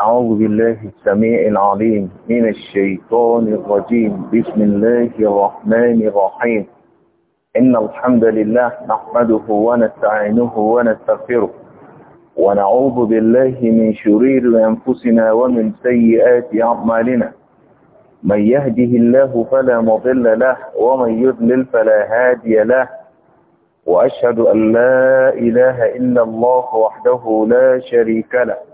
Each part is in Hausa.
أعوذ بالله السميع العليم من الشيطان الرجيم بسم الله الرحمن الرحيم إن الحمد لله نحمده ونستعينه ونستغفره ونعوذ بالله من شرير أنفسنا ومن سيئات أعمالنا من يهده الله فلا مضل له ومن يضلل فلا هادي له وأشهد أن لا إله إلا الله وحده لا شريك له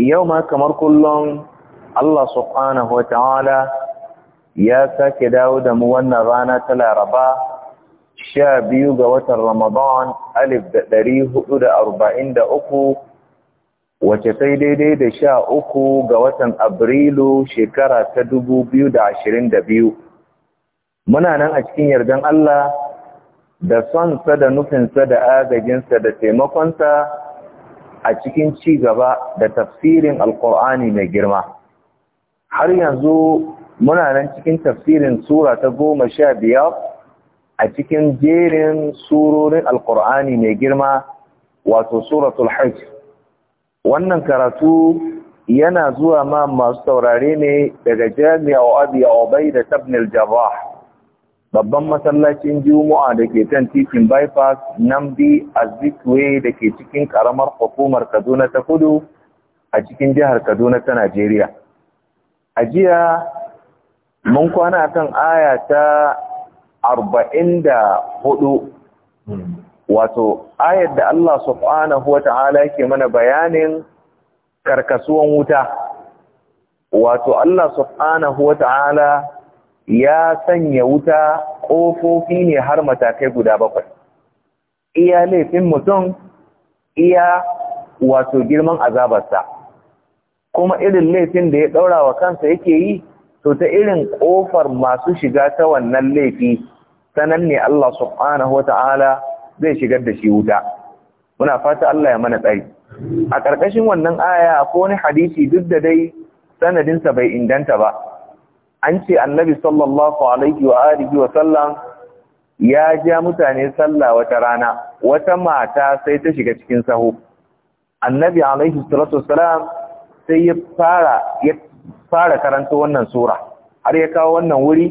yau ma kamar kullum Allah subhanahu wa ta'ala ya sake dawo da mu wannan rana ta laraba sha biyu ga watan ramadan alif da ɗari hudu da arba'in da uku wace sai daidai da sha uku ga watan abrilu shekara ta dubu biyu da ashirin da biyu muna nan a cikin yardan Allah da sonsa da nufinsa da agajinsa da taimakonsa a cikin ci gaba da tafsirin Alƙur'ani mai girma har yanzu muna nan cikin tafsirin sura ta goma sha biyar a cikin jerin surorin Alƙur'ani mai girma wato suratul hajj wannan karatu yana zuwa ma masu taurare ne daga jami'a wa abi obai da tabnil jabah babban masallacin juma'a da ke kan titin bypass namdi azikwe da ke cikin karamar hukumar kaduna ta kudu a cikin jihar kaduna ta najeriya a jiya mun kwana kan aya ta hudu. wato ayar da Allah subhanahu wa ta'ala yake mana bayanin karkasuwan wuta wato Allah subhanahu wa ta'ala ya sanya wuta ƙofofi ne har matakai guda bakwai iya laifin mutum iya wato girman azabarsa kuma irin laifin da ya ɗaura wa kansa yake yi to ta irin ƙofar masu shiga ta wannan laifi sanan ne Allah subhanahu wata'ala zai shigar da shi wuta muna fata Allah ya mana tsari a ƙarƙashin wannan aya ko wani hadisi duk da dai sanadinsa bai inganta ba an annabi sallallahu alaihi wa alihi wa sallam ya ja mutane sallah wata rana wata mata sai ta shiga cikin sahu annabi alaihi salatu wassalam sai ya fara ya fara karanta wannan sura har ya kawo wannan wuri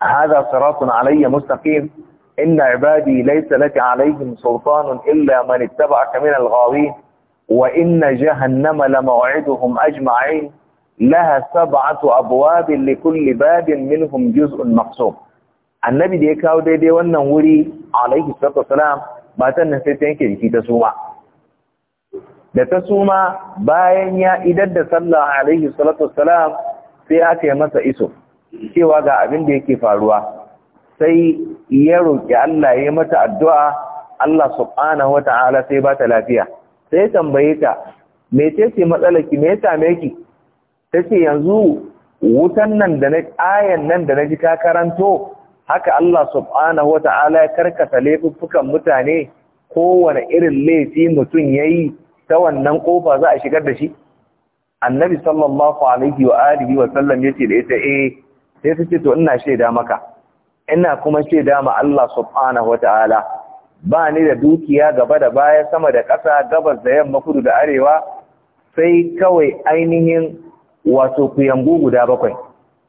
hadha siratun alayya mustaqim inna ibadi laysa laka alaihim sultanun illa man ittaba'aka min al-ghawin wa inna jahannama lamaw'iduhum ajma'in laha sab'atu abwabin li kulli babin minhum juz'un annabi da ya kawo daidai wannan wuri alaihi salatu wasalam matan nan sai ta yanke jiki ta suma da ta suma bayan ya idar da sallah alaihi salatu wasalam sai aka yi masa iso cewa ga abin da yake faruwa sai ya roƙi Allah ya mata addu'a Allah subhanahu wa ta'ala sai ba ta lafiya sai ya tambaye ta me ce ce matsalarki me ya same ki ta ce yanzu wutan nan da na ayan nan da na ji ka karanto haka Allah subhanahu wa ta'ala ya karkasa laifuffukan mutane kowane irin laifi mutum ya yi ta wannan kofa za a shigar da shi? Annabi sallallahu Alaihi wa alihi wa sallam ya ce da ita eh sai ta ce to ina shaida maka, ina kuma shaida ma Allah subhanahu wa ta'ala ba ni da dukiya gaba da baya sama da ƙasa gabas da yamma kudu da arewa sai kawai ainihin wato kuyangu guda bakwai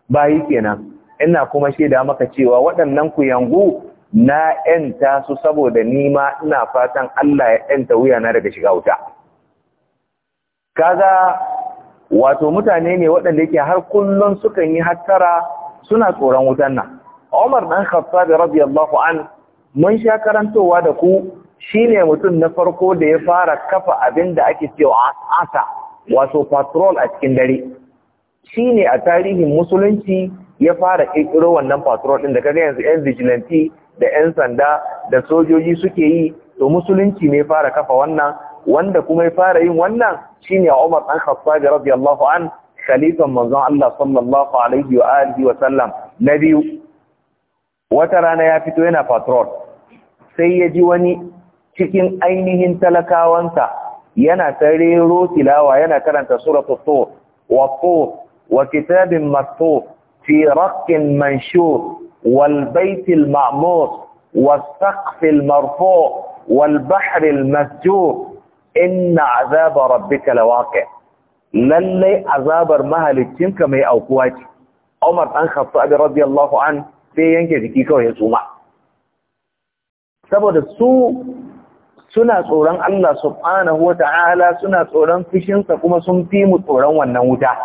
bayi kenan ina kuma shaida maka cewa waɗannan kuyangu na ƴanta su saboda nima ina fatan Allah ya ‘yanta wuyana daga shiga wuta. Kaga wato mutane ne waɗanda yake har kullum sukan yi hattara suna tsoron wutan nan. Umar ɗan Khattab radiyallahu an mun sha karantowa da ku shine mutum na farko da ya fara kafa abin da ake cewa asa wato patrol a cikin dare. shi ne a tarihin musulunci ya fara ƙirƙiro wannan patrol ɗin da kaga yanzu yan vigilante da yan sanda da sojoji suke yi to musulunci ne fara kafa wannan wanda kuma ya fara yin wannan shine Umar ɗan Khattab radiyallahu an khalifan manzon Allah sallallahu alaihi wa alihi wa sallam na biyu wata rana ya fito yana patrol sai ya ji wani cikin ainihin talakawansa yana ta rero tilawa yana karanta suratul tur wa وكتاب مكتوب في رق منشور والبيت المعمور والسقف المرفوع والبحر المسجور إن عذاب ربك لواقع للي عذاب مهل التمك ما يأوكواتي عمر بن الخطاب رضي الله عنه في ينجى ذكيك ويسوما سبب السوء سنة سوران الله سبحانه وتعالى سنة سوران فشن سقوم سمتيم سوران ونوتاه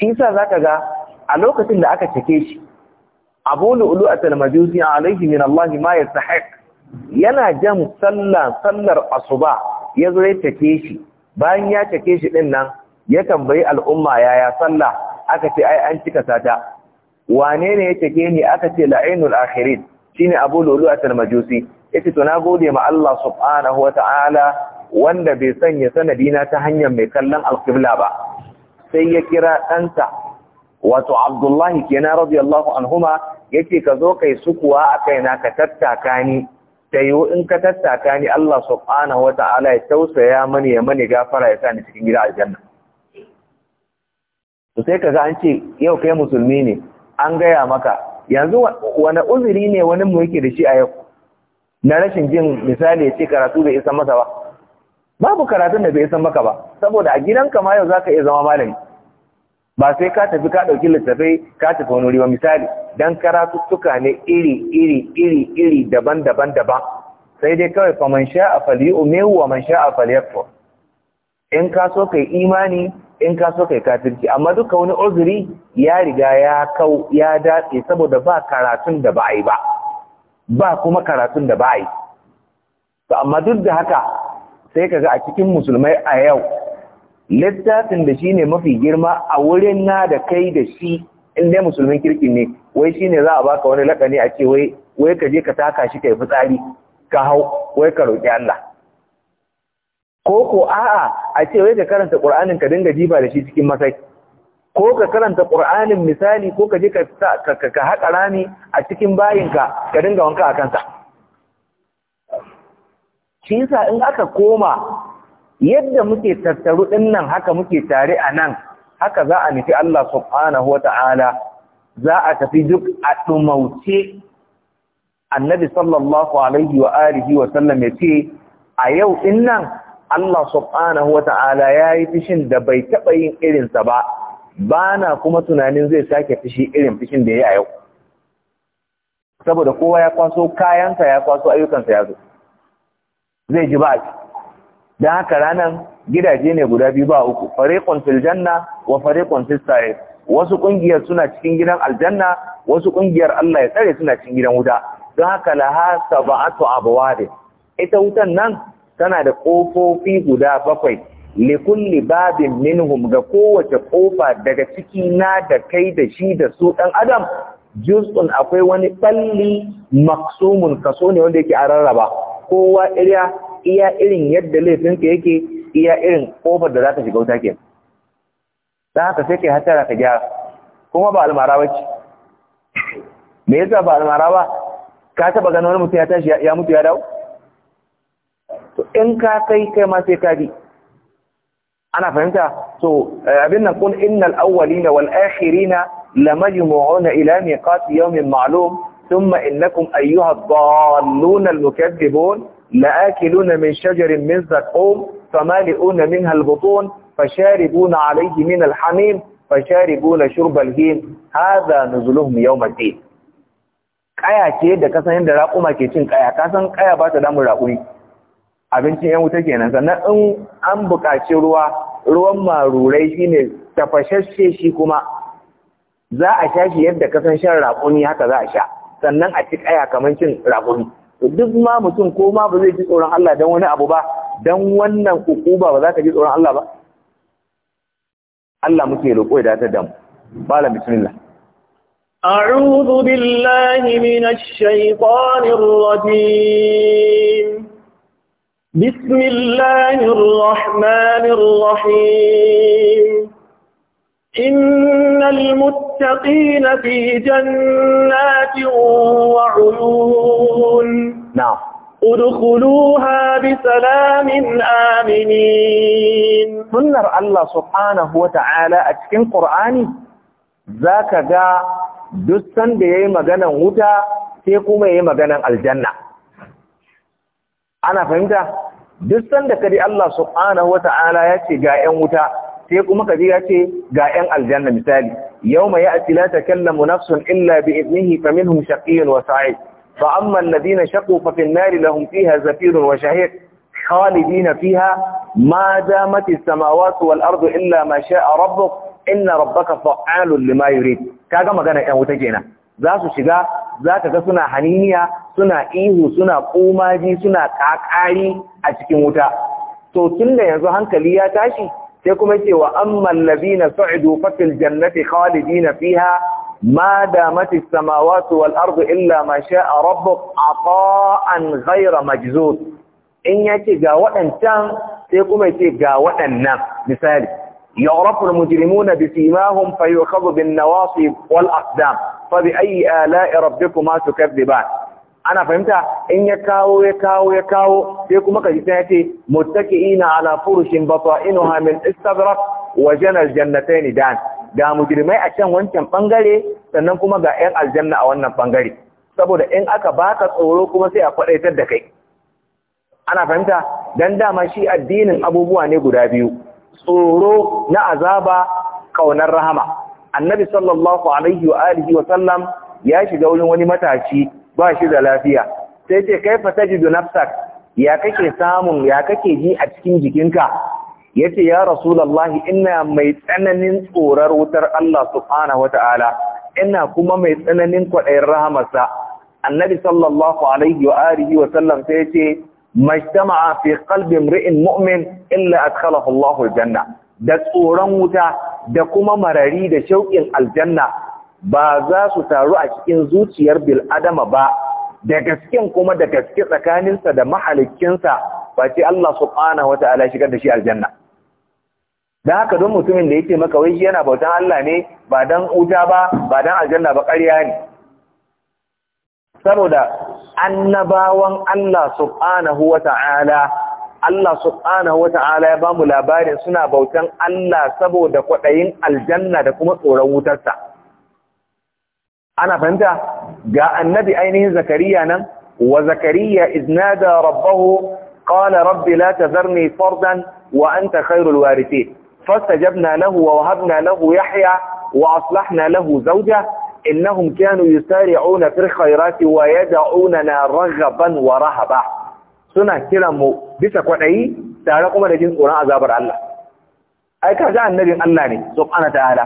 shi yasa zaka ga a lokacin da aka cike shi Abu Lu'lu at-Majusi alaihi min Allah ma sahak, yana jan sallah sallar asuba yazo ya cike shi bayan ya cike shi din nan ya tambayi al'umma yaya sallah aka ce ai an cika sata wane ne ya cike ni aka ce la'inul akhirin shine Abu Lu'lu at-Majusi yace to nagode ma Allah subhanahu wa Ta'ala wanda bai sanya sanadina ta hanyar mai kallon alqibla ba sai ya kira ɗansa wato abdullahi kenan radiyallahu anhuma yake ka zo kai sukuwa a kai na, ka tattaka ni ta yiwu in ka tattaka ni Allah subhanahu wata'ala ya tausaya mani ya mani gafara ya sa ni cikin gida aljanna to sai kaga an ce yau kai musulmi ne an gaya maka yanzu wani uzuri ne wani mu yake da shi a yau na rashin jin misali ya ce karatu bai isa masa ba babu karatun da bai san maka ba saboda a gidanka ma yau zaka iya zama malami ba sai ka tafi ka ɗauki littafai ka tafi wani ba misali dan karatuttuka ne iri iri iri iri daban daban daban sai dai kawai fa man sha'a falyu'min wa man sha'a falyakfur in ka so kai imani in ka so kai kafirci amma duka wani uzuri ya riga ya kau ya datse saboda ba karatun da ba ba ba kuma karatun da ba a to amma duk da haka sai kaga a cikin musulmai a yau littafin da shi ne mafi girma a wurin na da kai da shi in musulmin kirki ne wai shi ne za a baka wani lakani a ce wai wai ka je ka taka shi kai fitsari ka hau wai ka roƙi Allah ko ko a'a a ce wai ka karanta Qur'anin ka dinga jiba da shi cikin masai ko ka karanta Qur'anin misali ko ka je ka ka haƙa rami a cikin bayinka ka dinga wanka a kansa shi yasa in aka koma yadda muke tattaru din nan haka muke tare a nan haka za a nufi Allah subhanahu wata'ala za a tafi duk a dumauce annabi sallallahu alaihi wa alihi wa sallam yace a yau din nan Allah subhanahu wata'ala yayi fishin da bai taba yin irin sa ba bana kuma tunanin zai sake fishi irin fishin da yayi a yau saboda kowa ya kwaso kayansa ya kwaso ayyukansa ya zo zai ji ba don haka ranar gidaje ne guda biyu ba uku fariqun fil janna wa fariqun fis sa'ir wasu kungiyar suna cikin gidan aljanna wasu kungiyar Allah ya tsare suna cikin gidan wuta don haka laha sab'atu abwab ita wutan nan tana da kofofi guda bakwai li kulli babin minhum ga kowace kofa daga ciki na da kai da shi da su dan adam juz'un akwai wani balli maksumun kaso ne wanda yake a rarraba kowa iya iya irin yadda laifinka yake iya irin kofar da za ta shiga wuta ke don haka sai kai hatara ka gyara kuma ba almara ba ce me yasa ba almara ba ka taba gano wani mutum ya tashi ya mutu ya dawo to in ka kai kai ma sai ka bi ana fahimta to eh, abin nan kun innal awwalina wal akhirina lamajmu'una ila miqati yawmin ma'lum ثم إنكم أيها الضالون المكذبون لآكلون من شجر من زقوم فمالئون منها البطون فشاربون عليه من الحميم فشاربون شرب الهيم هذا نزلهم يوم الدين kaya ce da kasan yadda raƙuma ke cin kaya kasan kaya ba ta damun raƙuri abincin yan wuta kenan sannan in an buƙaci ruwa ruwan marurai shine tafashashe shi kuma za a sha shi yadda kasan shan raƙumi haka za a sha sannan a ci aya kamar cin raƙumi duk ma mutum ko ma ba zai ji tsoron Allah dan wani abu ba dan wannan hukuma ba za ka ji tsoron Allah ba Allah muke roƙo da ta damu bala bismillah أعوذ بالله من الشيطان الرجيم بسم الله المتقين في جنات وعيون نعم ادخلوها بسلام آمنين سنر الله سبحانه وتعالى أتكين قرآني ذاك ذا دستان بيه مغانا وطا تيكوما يه مغانا الجنة أنا فهمت دستان دكري الله سبحانه وتعالى يتي جائن وطا sai kuma kaji ya ce ga 'yan aljanna misali Yau mai ya'ti la takallamu nafsun illa bi idnihi faminhum shaqiyyun wa sa'id fa amma alladhina shaqu fa fi an-nari lahum fiha zafirun wa shahiq khalidina fiha ma damat as-samawati wal ardu illa ma sha'a rabbuk inna rabbaka fa'alun lima yurid kaga magana 'yan wuta kenan za su shiga za ka ga suna haniniya suna ihu suna komaji suna kakari a cikin wuta to tun da yanzu hankali ya tashi sai kuma yake wa amman ladina su'idu fa fil jannati khalidin fiha ma damat as samawati wal ardu illa ma sha'a rabbuk ata'an ghayra majzud in yace ga wadannan sai kuma yace ga wadannan misali يعرف المجرمون بسيماهم فيؤخذ بالنواصي والأقدام فبأي آلاء ربكما تكذبان ana fahimta in ya kawo ya kawo ya kawo sai kuma kaji sai mutake ina ala furushin ino min istadrak wa janal jannatayn dan ga mujrimai a can wancan bangare sannan kuma ga 'yan aljanna a wannan bangare saboda in aka baka tsoro kuma sai a faɗaitar da kai ana fahimta dan dama shi addinin abubuwa ne guda biyu tsoro na azaba kaunar rahama annabi sallallahu alaihi wa alihi wa sallam ya shiga wurin wani matashi ba shi da lafiya sai ce kai fa tajidu nafsak ya kake samun ya kake ji a cikin jikinka yace ya Rasulallah! ina mai tsananin tsorar wutar Allah subhanahu wataala ina kuma mai tsananin kwaɗayin rahamarsa annabi sallallahu alaihi wa alihi wa sallam sai yace majtama'a fi qalbi imri'in mu'min illa adkhalahu Allahu aljanna da tsoron wuta da kuma marari da shauƙin aljanna ba za su taru a cikin zuciyar bil adama ba da gasken kuma da gaske tsakaninsa da mahalikinsa ba ce Allah subhanahu wa ta'ala shigar da shi aljanna da haka don mutumin da yake maka wai yana bautan Allah ne ba dan uta ba ba dan aljanna ba ƙarya ne saboda annabawan Allah subhanahu wa ta'ala Allah subhanahu wa ta'ala ya bamu labarin suna bautan Allah saboda kwaɗayin aljanna da kuma tsoron wutarsa أنا فهمتها؟ جاء النبي ainihin زكريا nan wa zakariya iznada rabbahu qala rabbi la tazarni fardan wa anta khairul فاستجبنا له ووهبنا له يحيى وأصلحنا له زوجة إنهم كانوا يسارعون في الخيرات ويدعوننا رغبا ورهبا سنة كلامه بسا كوني تعلقوا من جنس قرآن أزابر الله أي كذا النبي الله سبحانه وتعالى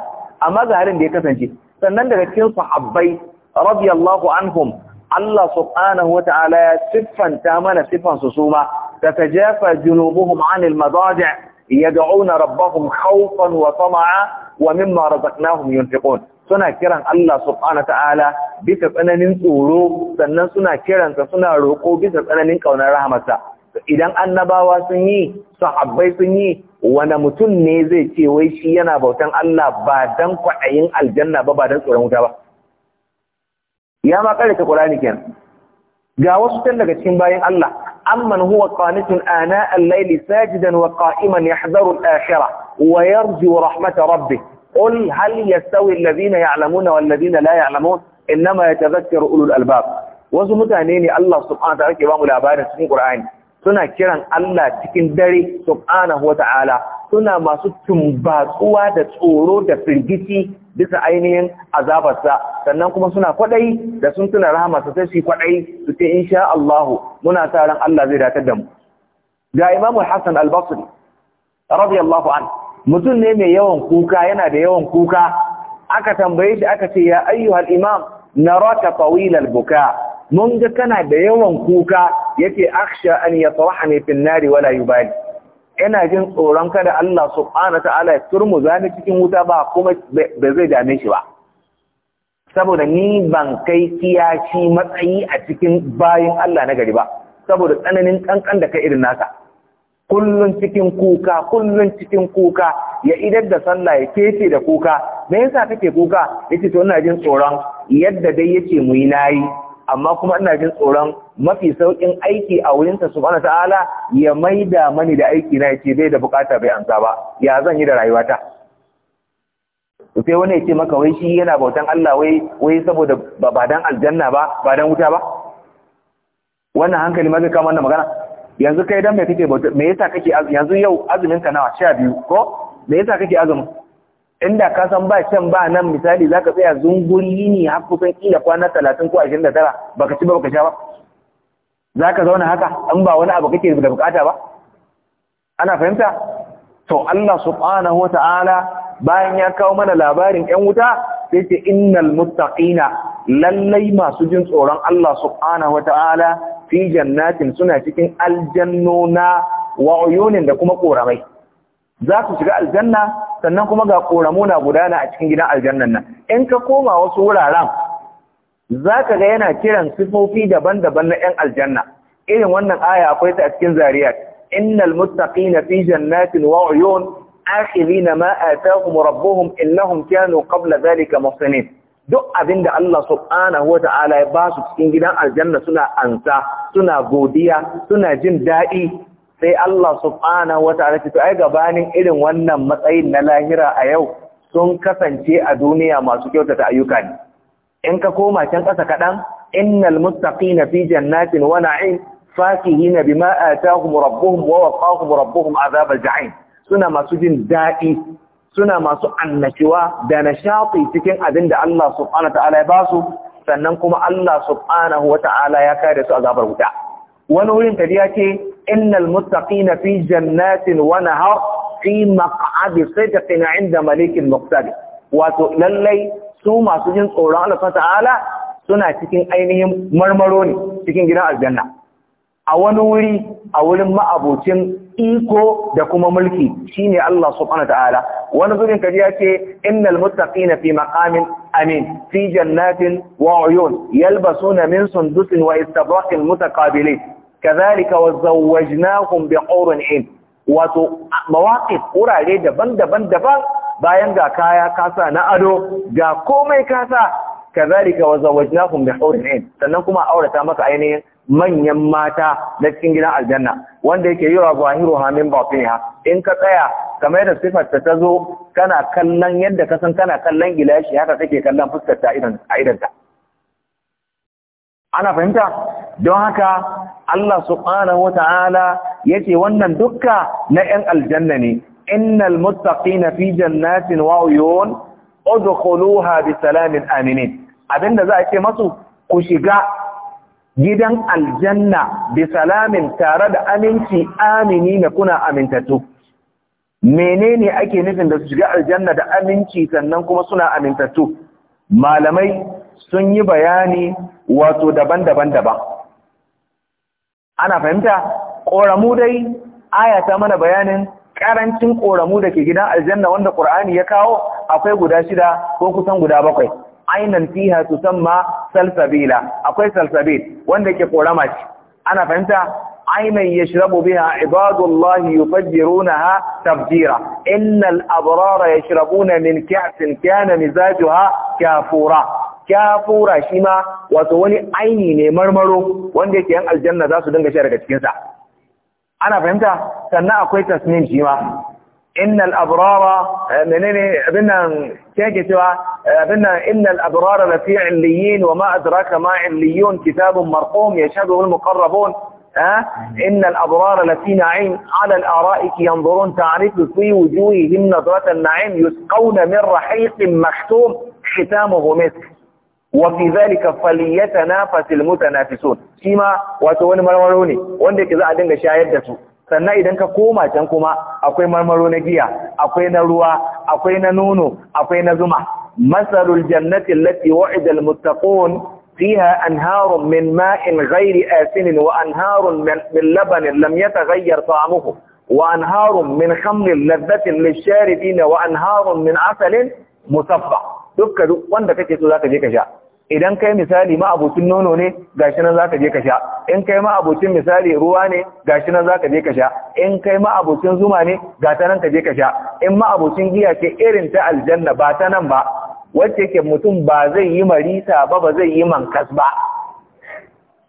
أما ظاهر دي كسنجي sannan daga cikin sahabbai radiyallahu anhum Allah subhanahu ta'ala ya siffanta mana siffan su suma tatajafa junubuhum anil madaji' yad'una rabbahum khawfan wa tama'a wa mimma razaqnahum yunfiqun suna kiran Allah subhanahu ta'ala, bisa tsananin tsoro sannan suna kiransa suna roko bisa tsananin kaunar rahmatsa idan annabawa sun yi sahabbai sun yi wani mutum ne zai ce wai shi yana bautan Allah ba dan kwaɗayin aljanna ba ba tsoron wuta ba ya ma karanta Qur'ani kenan ga wasu daga cikin bayan Allah amman huwa qanitun ana al sajidan wa qa'iman yahdharu al-akhirah wa yarju rahmat rabbih قل هل يستوي الذين يعلمون والذين لا يعلمون ya يتذكر اولو الالباب wasu mutane ne Allah subhanahu wa ta'ala ke ba mu labarin cikin Ƙur'ani. suna kiran Allah cikin dare subhanahu wata'ala suna masu tumbatsuwa da tsoro da firgici bisa ainihin azabarsa sannan kuma suna kwadai da sun tuna rahamarsa sai su kwadai su ce insha Allah muna sa ran Allah zai datar da mu ga Imam Hassan Al-Basri radiyallahu an mutum ne mai yawan kuka yana da yawan kuka aka tambaye shi aka ce ya ayyuhal imam naraka tawilal buka mun ga kana da yawan kuka yake akhsha an yatrahani fin nari wala yubali ina jin tsoron kada Allah subhanahu ta'ala ya turmu zani cikin wuta ba kuma ba zai dame shi ba saboda ni ban kai kiyaci matsayi a cikin bayin Allah na gari ba saboda tsananin kankan da ka irin naka kullun cikin kuka kullum cikin kuka ya idar da sallah ya kece da kuka me yasa kake kuka yace to ina jin tsoron yadda dai yake mu yi nayi amma kuma ina jin tsoron mafi saukin aiki a ta subhanahu ta'ala ya maida mani da aiki na yace bai da bukata bai amsa ba ya zan yi da rayuwata sai wani ya ce maka wai shi yana bautan Allah wai wai saboda ba dan aljanna ba ba dan wuta ba wannan hankali ma kama wannan magana yanzu kai dan me kake bauta me yasa kake yanzu yau azumin ka nawa 12 ko me yasa kake azumin inda ka san ba can ba nan misali zaka tsaya zunguri ne har kusan kila kwana talatin ko ashirin da tara baka ci ba baka sha ba zaka zauna haka in ba wani abu kake da bukata ba ana fahimta to Allah subhanahu wa ta'ala bayan ya kawo mana labarin 'yan wuta sai ce innal muttaqina lallai masu jin tsoron Allah subhanahu wa ta'ala fi jannatin suna cikin aljannona wa uyunin da kuma koramai za su shiga aljanna sannan kuma ga ƙoramu na gudana a cikin gidan aljannan nan in ka koma wasu wuraren za ka ga yana kiran sifofi daban-daban na 'yan aljanna irin wannan aya akwai ta a cikin zariyar innal muttaqina fi jannatin wa uyun akhirina ma atahum rabbuhum innahum kanu qabla dhalika muhsinin duk abinda Allah subhanahu wa ta'ala ya ba su cikin gidan aljanna suna ansa suna godiya suna jin daɗi sai Allah subhanahu wata'ala ce to ai gabanin irin wannan matsayin na lahira a yau sun kasance a duniya masu kyautata ayyuka ne in ka koma can ƙasa kaɗan innal muttaqina fi jannatin wa na'im fakihina bima atahum rabbuhum wa waqahum rabbuhum azab al-ja'im suna masu jin daɗi suna masu annashuwa da nashati cikin abin da Allah subhanahu wata'ala ya basu sannan kuma Allah subhanahu wata'ala ya kare su azabar wuta wani wurin tafiya ce innal muttaqina fi jannatin wa nahar fi maq'adi sidqin 'inda malikin muqtadir wato lallai su masu jin tsoron Allah ta'ala suna cikin ainihin marmaro ne cikin gidan aljanna a wani wuri a wurin ma'abocin iko da kuma mulki shine Allah subhanahu ta'ala wani zurin kaji ya ce innal muttaqina fi maqamin amin fi jannatin wa uyun yalbasuna min sundusin wa istabraqin mutaqabilin kazalika wa zawwajnahum bi in wato mawaqif wurare daban-daban daban bayan ga kaya kasa na ado ga komai kasa kazalika wa zawwajnahum bi in sannan kuma aurata maka ainihin manyan mata na cikin gidan aljanna wanda yake yi wa zahiru hamin batiniha in ka tsaya kamar yadda sifar ta zo kana kallon yadda ka san kana kallon gilashi haka take kallon fuskar ta a idanta ana fahimta don haka Allah subhanahu wata'ala yace wannan dukka na 'yan aljanna ne innal muttaqina fi jannatin wa uyun udkhuluha bi salamin aminin abinda za a ce masu ku shiga gidan aljanna bi salamin tare da aminci amini na kuna amintattu menene ake nufin da su shiga aljanna da aminci sannan kuma suna amintattu malamai sun yi bayani wato daban-daban daban ana fahimta ƙoramu dai aya ta mana bayanin ƙarancin ƙoramu da ke gidan aljanna wanda ƙur'ani ya kawo akwai guda shida ko kusan guda bakwai ainan fiha ma salsabila akwai salsabil wanda ke ƙorama ce ana fahimta ainan yashrabu biha ibadullahi ha tabjira innal abrara yashrabuna min ka'sin kana ha kafura kafura shi ma wato wani aini ne marmaro wanda yake yan aljanna za su dinga shi daga cikin sa ana fahimta sannan akwai tasmin shi ma innal abrara menene abin nan ke cewa abin nan innal abrara la fi'il liyin wa ma adraka ma liyun kitabun marqum yashhadu al muqarrabun إن الأبرار لفي نعيم على الآرائك ينظرون تعرف في وجوههم نظرة النعيم يسقون من رحيق مختوم ختامه مسك wa fi zalika falyatanafasil mutanafisun shi ma wato wani marmaro ne wanda yake za a dinga shayar da su sannan idan ka koma can kuma akwai marmaro na giya akwai na ruwa akwai na nono akwai na zuma masalul jannati allati wa'ida almuttaqun fiha anharun min ma'in ghairi asinin wa anharun min labanin lam yataghayyar ta'amuhu وأنهار من خمر لذة للشاربين وأنهار من عسل wanda kake so zaka je ka sha. idan kai misali ma abokin nono ne gashi nan zaka je ka sha in kai ma abokin misali ruwa ne gashi nan zaka je ka sha in kai ma abokin zuma ne ga nan ka je ka sha in ma abokin giya ce irin ta aljanna ba ta nan ba wacce yake mutum ba zai yi marisa ba ba zai yi mankas ba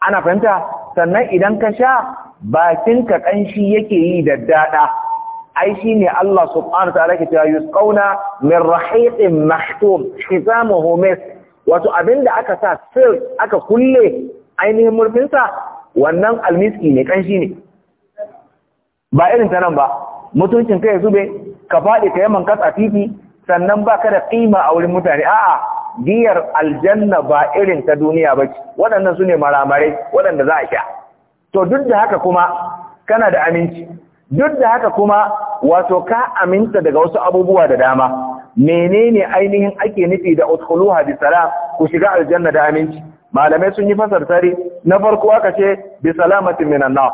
ana fahimta sannan idan ka sha bakin ka kanshi yake yi da dada ai shine Allah subhanahu wa ta'ala ke cewa yusqauna min rahiqin mahtum hizamuhu misk wato abin da aka sa sir aka kulle ainihin murfinsa wannan almiski ne kanshi ne ba irin ta nan ba mutuncin kai zube ka faɗi ka yaman kasa titi sannan ba ka da ƙima a wurin mutane a'a diyar aljanna ba irin ta duniya ba ce waɗannan su ne maramarai waɗanda za a sha to duk da haka kuma kana da aminci duk da haka kuma wato ka aminta daga wasu abubuwa da dama menene ainihin ake nufi da udkhuluha bi salam ku shiga aljanna da aminci malamai sun yi fasar tare na farko aka ce bi salamatin minan nar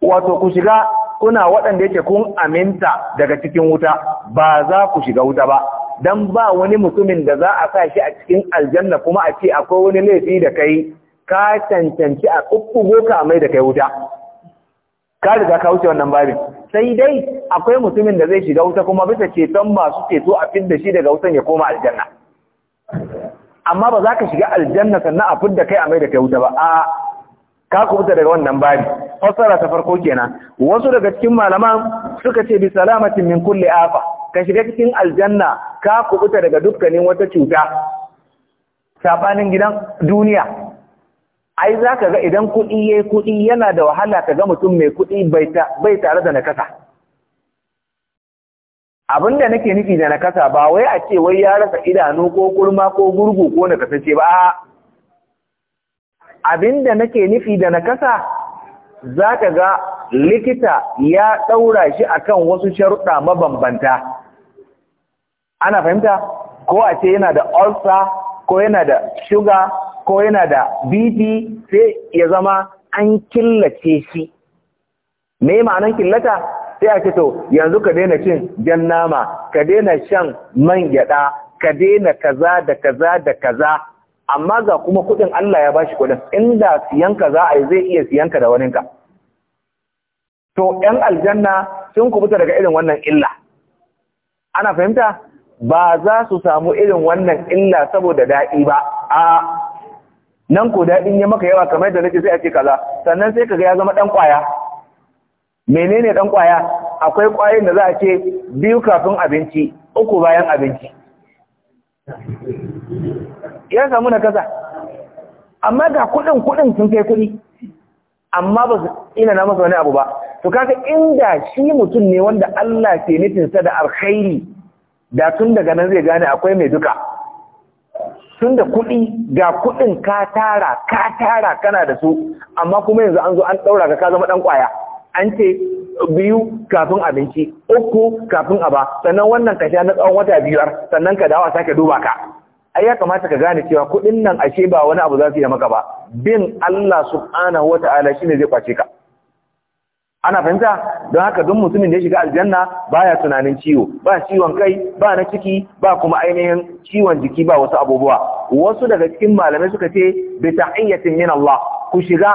wato ku shiga kuna waɗanda yake kun aminta daga cikin wuta ba za ku shiga wuta ba dan ba wani mutumin da za a sa shi a cikin aljanna kuma a ce akwai wani laifi da kai ka cancanci a kukkugo ka mai da kai wuta kare da ka wuce wannan babin sai dai akwai mutumin da zai shiga wuta kuma bisa ceton masu ceto a fidda shi daga wutan ya koma aljanna amma ba za ka shiga aljanna sannan a fidda kai a mai da kai wuta ba a ka kubuta daga wannan babi fassara ta farko kenan wasu daga cikin malaman suka ce bi salamatin min kulli afa ka shiga cikin aljanna ka kubuta daga dukkanin wata cuta sabanin gidan duniya ai za ka ga idan kuɗi ya yi kuɗi yana da wahala ka ga mutum mai kuɗi bai tare da nakasa abin da nake nufi da nakasa ba wai a ce wai ya rasa idanu ko kurma ko gurgu ko nakasance ba abin da nake nufi da nakasa za ka ga likita ya ɗaura shi akan wasu sharuɗa mabambanta ana fahimta ko a ce yana da ulcer ko yana da shuga ko yana da bidi sai ya zama an killace shi me ma'anan killata sai a ce to yanzu ka daina cin jan nama ka daina shan man gyada ka daina kaza da kaza da kaza amma ga kuma kudin Allah ya bashi kudin inda ka za a yi zai iya siyan ka da waninka to 'yan aljanna sun kubuta daga irin wannan illa ana fahimta ba za su samu irin wannan illa saboda daɗi ba a nan ko daɗin ya maka yawa kamar da nake sai a ce kaza sannan sai kaga ya zama ɗan ƙwaya menene ɗan ƙwaya akwai ƙwayoyin da za a ce biyu kafin abinci uku bayan abinci ya samu na kaza amma ga kuɗin kuɗin sun kai kuɗi amma ba su ina na masa wani abu ba to kaga inda shi mutum ne wanda Allah ke sa da alkhairi da tun daga nan zai gane akwai mai duka Sun da kuɗi ga kuɗin ka tara ka tara kana da su amma kuma yanzu an zo an ɗaura ka ka zama ɗan ƙwaya an ce biyu kafin abinci uku kafin aba sannan wannan ka sha na tsawon wata biyar sannan ka dawa sake duba ka ai ya kamata ka gane cewa kuɗin nan ashe ba wani abu za su yi maka ba bin Allah subhanahu wata'ala shine zai kwace ka ana fahimta don haka don mutumin da ya shiga aljanna baya tunanin ciwo ba ciwon kai ba na ciki ba kuma ainihin ciwon jiki ba wasu abubuwa wasu daga cikin malamai suka ce bi tahiyyatin min Allah ku shiga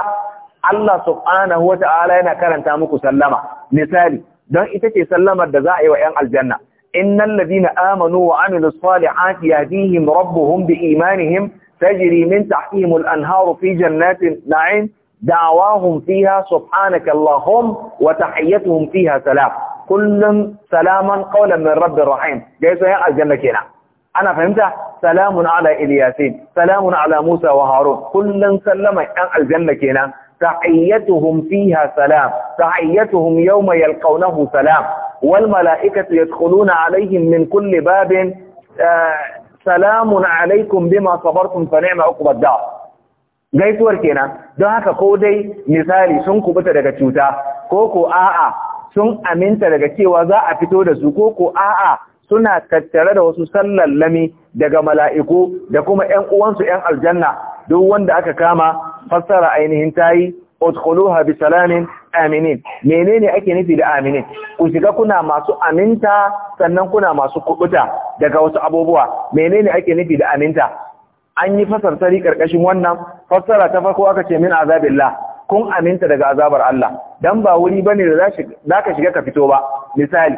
Allah subhanahu Ta'ala yana karanta muku sallama misali don ita ce sallamar da za a yi wa 'yan aljanna innal ladina amanu wa amilus salihati yahdihim rabbuhum bi imanihim tajri min tahtihim al-anharu fi jannatin na'im دعواهم فيها سبحانك اللهم وتحيتهم فيها سلام كل سلاما قولا من رب الرحيم جايز يا الجنة كينا أنا فهمتها سلام على إلياسين سلام على موسى وهارون كل سلم يا الجنة كينا تحيتهم فيها سلام تحيتهم يوم يلقونه سلام والملائكة يدخلون عليهم من كل باب آه سلام عليكم بما صبرتم فنعم عقب الدار gaisuwar kenan don haka ko dai misali sun kubuta daga cuta ko ko a'a sun aminta daga cewa za a fito da su ko ko a'a suna tattare da wasu lami daga mala'iku da kuma ‘yan uwansu ‘yan aljanna duk wanda aka kama fassara ainihin tayi udkhuluha bi salamin aminin menene ake nufi da aminin ku shiga kuna masu aminta sannan kuna masu kubuta daga wasu abubuwa menene ake nufi da aminta an yi fasartari ƙarƙashin wannan fassara ta farko aka ce min azabillah kun aminta daga azabar Allah dan ba wuri bane da zaka shiga ka fito ba misali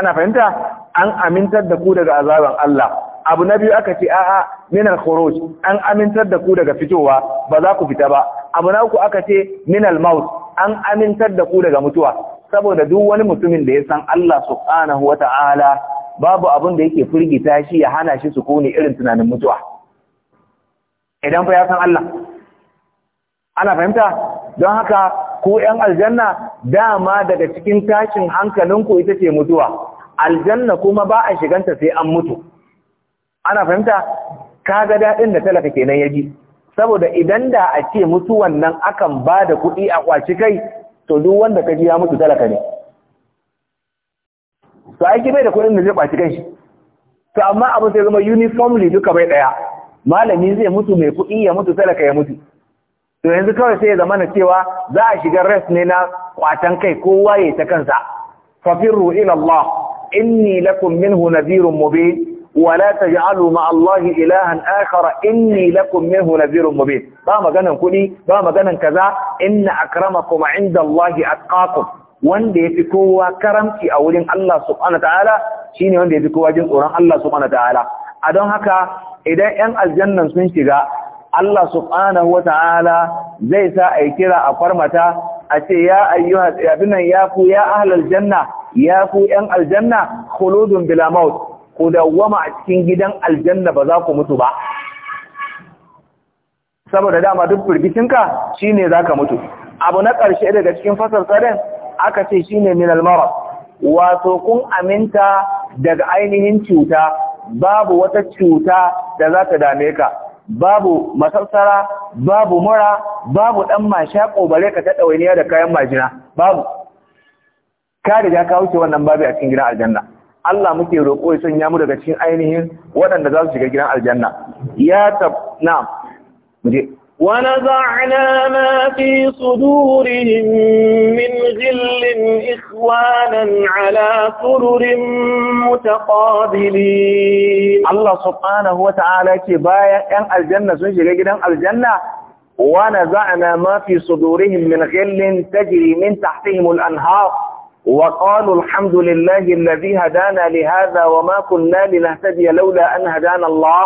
ana fahimta an amintar da ku daga azabar Allah abu na biyu aka ce a'a min al-khuruj an amintar da ku daga fitowa ba za ku fita ba abu na uku aka ce min al-maut an amintar da ku daga mutuwa saboda duk wani mutumin da ya san Allah subhanahu wata'ala babu abin da yake firgita shi ya hana shi sukuni irin tunanin mutuwa idan fa ya san Allah ana fahimta don haka ku ‘yan aljanna dama daga cikin tashin hankalinku ita ce mutuwa aljanna kuma ba a shiganta sai an mutu ana fahimta kaga daɗin da talaka kenan ya ji saboda idan da a ce mutuwan nan akan ba da kuɗi a kwaci kai to duk wanda ka ji ya mutu talaka ne to ki bai da kuɗin da zai kwaci kai to amma abin sai zama uniformly duka bai ɗaya malami zai mutu mai kuɗi ya mutu talaka ya mutu to yanzu kawai sai ya zama na cewa za a shiga res ne na kwatan kai kowa ya ta kansa fafirru ilallah inni lakum minhu nadhirun mubin wa la taj'alu ma Allah ilahan akhar inni lakum minhu nadhirun mubin ba maganan kuɗi ba maganan kaza inna akramakum inda Allahi atqakum wanda yafi kowa karamci a wurin Allah subhanahu ta'ala shine wanda yafi kowa jin tsoron Allah subhanahu ta'ala a don haka idan 'yan aljannan sun shiga Allah subhanahu wa ta'ala zai sa a kira a farmata a ce ya ayyuha tsayabinan ya ku ya janna ya ku 'yan aljanna khuludun bilamaut, ku dawwama a cikin gidan aljanna ba za ku mutu ba saboda dama duk firgicinka za ka mutu abu na ƙarshe daga cikin fasar tsarin aka ce shine minal mara wato kun aminta daga ainihin cuta babu wata cuta da za ta dame ka babu masarsara babu mura babu dan mashaƙo bare ka ta waniya da kayan majina babu ka riga ka wuce wannan babu a cikin gidan aljanna Allah muke roƙo ya sanya mu daga cikin ainihin waɗanda za su shiga gidan aljanna ya ta, na'am muje, ونزعنا ما في صدورهم من غل إخوانا على سرر متقابلين الله سبحانه وتعالى كباية أن الجنة سنجي جدا الجنة ونزعنا ما في صدورهم من غل تجري من تحتهم الأنهار وقالوا الحمد لله الذي هدانا لهذا وما كنا لنهتدي لولا أن هدانا الله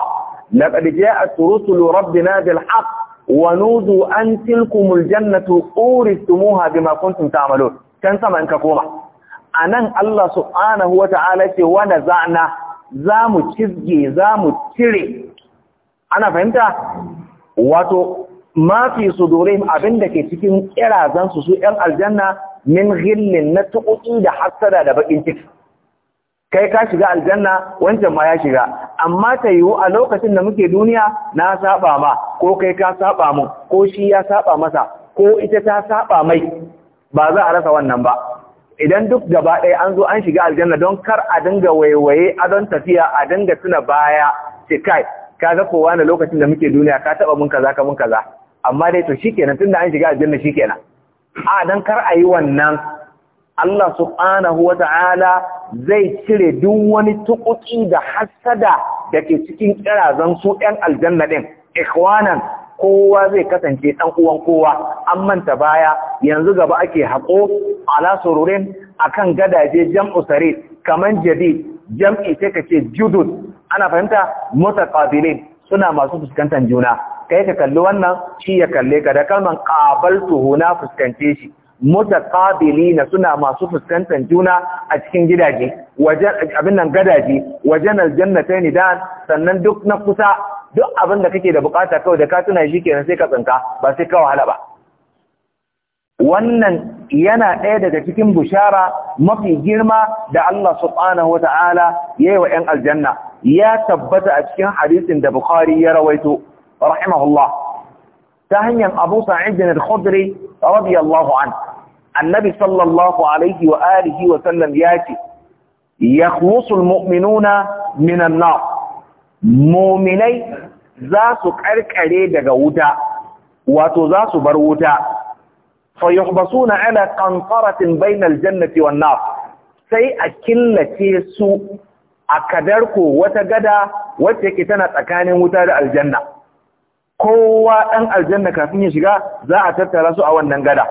لقد جاءت رسل ربنا بالحق wa nudu an tilkumul jannatu uristumuha bima kuntum ta'malun can sama in ka koma anan Allah subhanahu wata'ala ce zana, za zamu cizge zamu cire ana fahimta wato ma fi sudurihim abinda ke cikin kirazan su su ɗan aljanna min ghillin na da hasada da bakin ciki kai ka shiga aljanna wancan ma ya shiga amma ta yiwu a lokacin da muke duniya na saba ma ko kai ka saba mu ko shi ya saba masa ko ita ta saba mai ba za a rasa wannan ba idan duk gaba ɗaya an zo an shiga aljanna don kar a dinga waiwaye a don tafiya a dinga tuna baya ce kai ka ga kowa na lokacin da muke duniya ka taba mun kaza ka mun kaza amma dai to shikenan tunda an shiga aljanna shikenan a dan kar a yi wannan Allah subhanahu wa ta'ala zai cire duk wani tukuki da hassada da ke cikin kirazan su ‘yan aljanna ɗin, ikhwanan kowa zai kasance ɗan uwan kowa, an manta baya yanzu gaba ake haƙo ala sururin kan gadaje jam'u sare kamar jadi jam'i sai ka ce judud ana fahimta ƙabilin suna masu fuskantar juna kai ka kalli wannan shi ya kalle ka da kalman qabaltuhu na fuskance shi mutaqabilina suna masu fuskantar juna a cikin gidaje wajen abin nan gadaje wajen aljannatayn dan sannan duk na kusa duk abin da kake da bukata kawai da ka tuna shi kenan sai ka tsinka ba sai ka wahala ba wannan yana ɗaya daga cikin bushara mafi girma da Allah subhanahu wata'ala ya yi wa ‘yan aljanna ya tabbata a cikin hadisin da Bukhari ya rawaito rahimahullah ta hanyar Abu Sa'id al-Khudri radiyallahu an annabi sallallahu alaihi wa alihi wa sallam ya ce yakhmusu al-mu'minuna min mu'minai za su karkare daga wuta wato za su bar wuta fayuhbasuna ala qantaratin bayna al-jannati wan-nar sai a killace su a kadarko wata gada wacce ke tana tsakanin wuta da aljanna kowa ɗan aljanna kafin ya shiga za a tattara su a wannan gada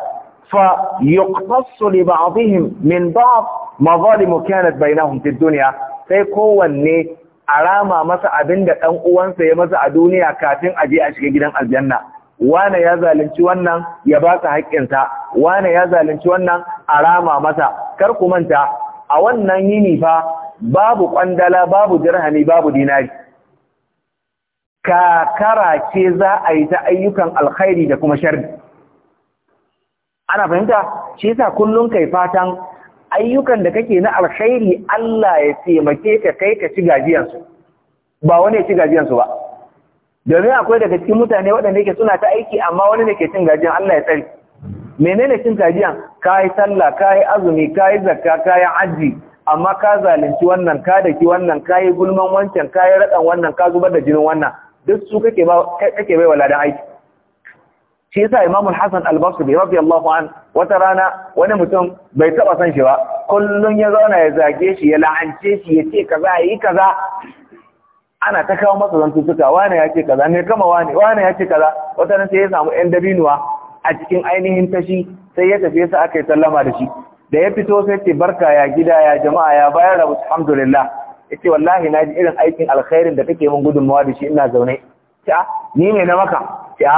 fa yuqtassu li ba'dihim min ba'd mazalim kanat bainahum fi dunya sai kowanne arama masa abinda ɗan uwansa ya masa a duniya kafin a je a shiga gidan aljanna wane ya zalunci wannan ya ba sa haƙƙinsa wane ya zalunci wannan a rama masa kar ku manta a wannan yini fa babu ƙwandala, babu jirhani, babu dinari kakara ce za a yi ta ayyukan alkhairi da kuma sharri ana fahimta shi sa kullum kai fatan ayyukan da kake na alkhairi Allah ya taimake ka kai ka ci gajiyansu ba wani ya ci gajiyansu ba domin akwai daga cikin mutane waɗanda yake suna ta aiki amma wani ne ke cin gajiyan Allah ya tsari menene cin gajiyan yi sallah yi azumi ka yi zakka yi aji amma ka zalunci wannan ka daki wannan ka yi gulman wancan ka yi raɗan wannan ka zubar da jinin wannan duk su kake bai wa ladan aiki shi yasa imamul hasan al-basri radiyallahu an wata rana wani mutum bai taba san shi ba kullun ya zauna ya zage shi ya la'ance shi ya ce kaza yi kaza ana ta kawo masa suka wani ya ce kaza ne kama wani wani ya ce kaza wata nan sai ya samu yan dabinuwa a cikin ainihin tashi sai ya tafi sa aka yi sallama da shi da ya fito sai ce barka ya gida ya jama'a ya bayar da alhamdulillah yace wallahi na ji irin aikin alkhairin da kake min gudunmawa da shi ina zaune ta ni ne na maka ya